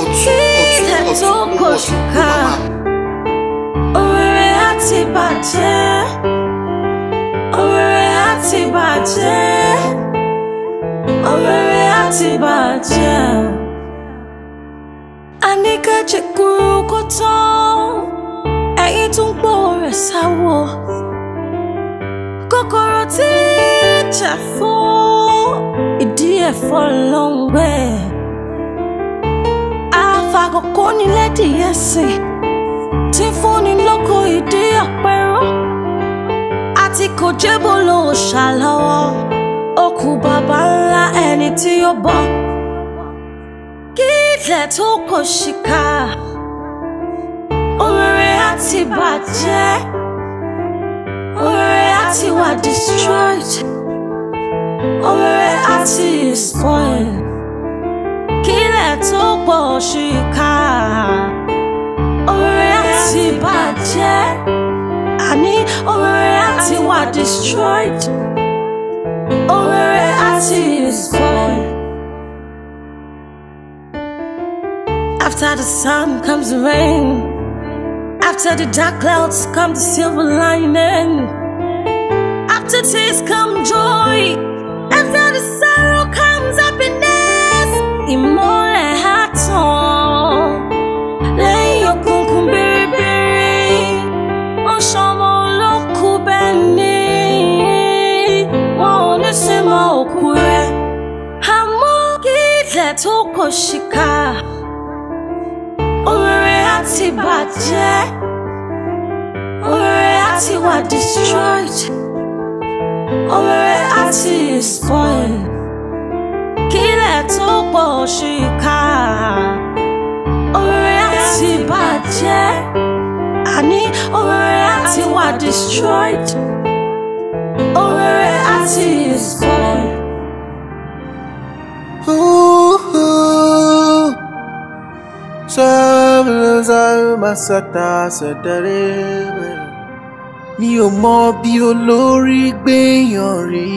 ọ̀tún ọ̀tún ọ̀tún ọ̀tún ọ̀tún mama. òrèrè àti bàjẹ́ òrèrè àti bàjẹ́ òrèrè ti bàjẹ́ àníkàjẹ́ kúrú kó tán ẹ̀yin tún gbọ́ rẹ̀ sáwọ́ kòkòrò tí jà fún ìdí ẹ̀fọ́ lọ́ngbẹ́ àfàkókò nílẹ̀ díẹ̀ sí tí fúnni lóko ìdí àpẹrọ àti kò jẹ́bọ̀ lòó ṣàlọ́wọ́. Oku ńlá ẹni tí ó bọ́ kí ilẹ̀ tó kò ṣìkà orere á ti bàjẹ́ orere á ti baje orere a wa destroyed orere á ti spoil kí ilẹ̀ shika. kò ṣìkà orere á ti bàjẹ́ àní orere á ti wà destroyed. After the sun comes the rain. After the dark clouds come the silver lining. After tears come joy. òṣìkà orere á ti bàjẹ́ orere á ti wà destroyed orere á ti spoil kílẹ̀ tó pọ̀ òṣìkà orere á bàjẹ́ àní orere á ti wà destroyed orere á ti spoil. travelers are my mi ò mọ bí olórí gbéyàn rí.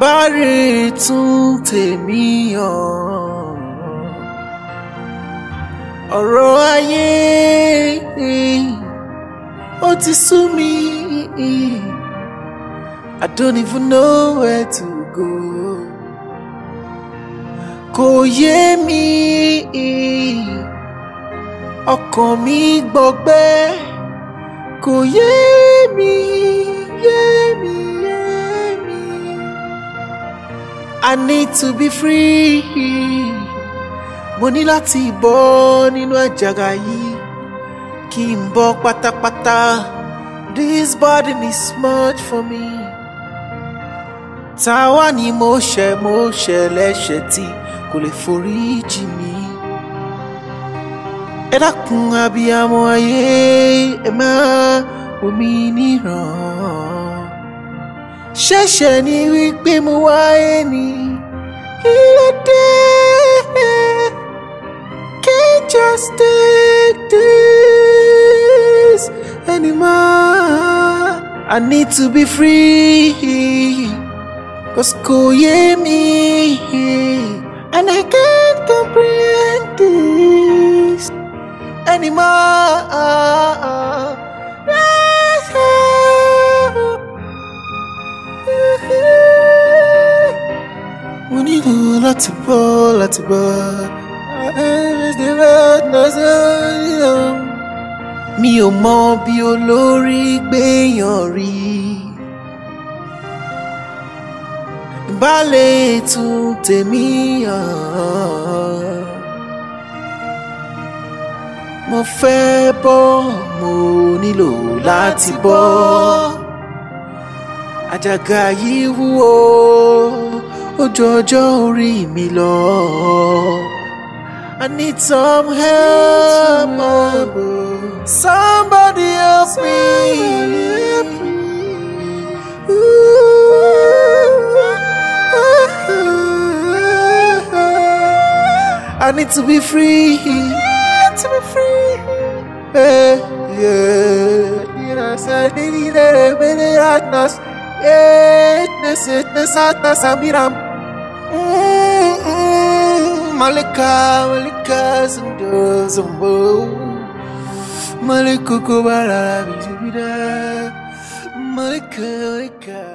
bárẹ̀ tún tèmi hàn. ọ̀rọ̀ ayé ó ti sú mi. I don't even know where to go kò yé mi ọkàn mi gbọgbẹ́ kò yé mi yé mi yé mi. I need to be free. mo ní láti bọ́ nínú àjàgà yìí kí n bọ́ pátápátá. This body is much for me. Táwa ni mo ṣẹ̀ mo ṣẹ̀ lẹ́ṣẹ̀ tí kò lè forí jì mí. ẹ dákun abiyamọ ayé ẹ má wò níràn. ṣẹ̀ṣẹ̀ ni wípé mo wáyé ni kí ló dé. Can't just take this anymore. I need to be free. Cause kò yé mi. and I can't comprehend this anymore. We need a lot to ball, lot to ball. Mi ò mọ bí olórí gbéyàn rí. bá tún tèmi hàn mo fẹ́ bọ́ mo nílò láti bọ́ àjàgà yìí wúwo ó ọjọ́ orí mi lọ. I need some help. Somebody, Somebody help me. help me. Ooh. I need to be free. Need to be free. Hey, eh, yeah. You know, so they need a many darkness. Yeah, sadness, sadness, Amiram. Mm-hmm. Malika, Malika, Zundo, Zumbo. Malikuku, Barabidibida. Malika, Malika.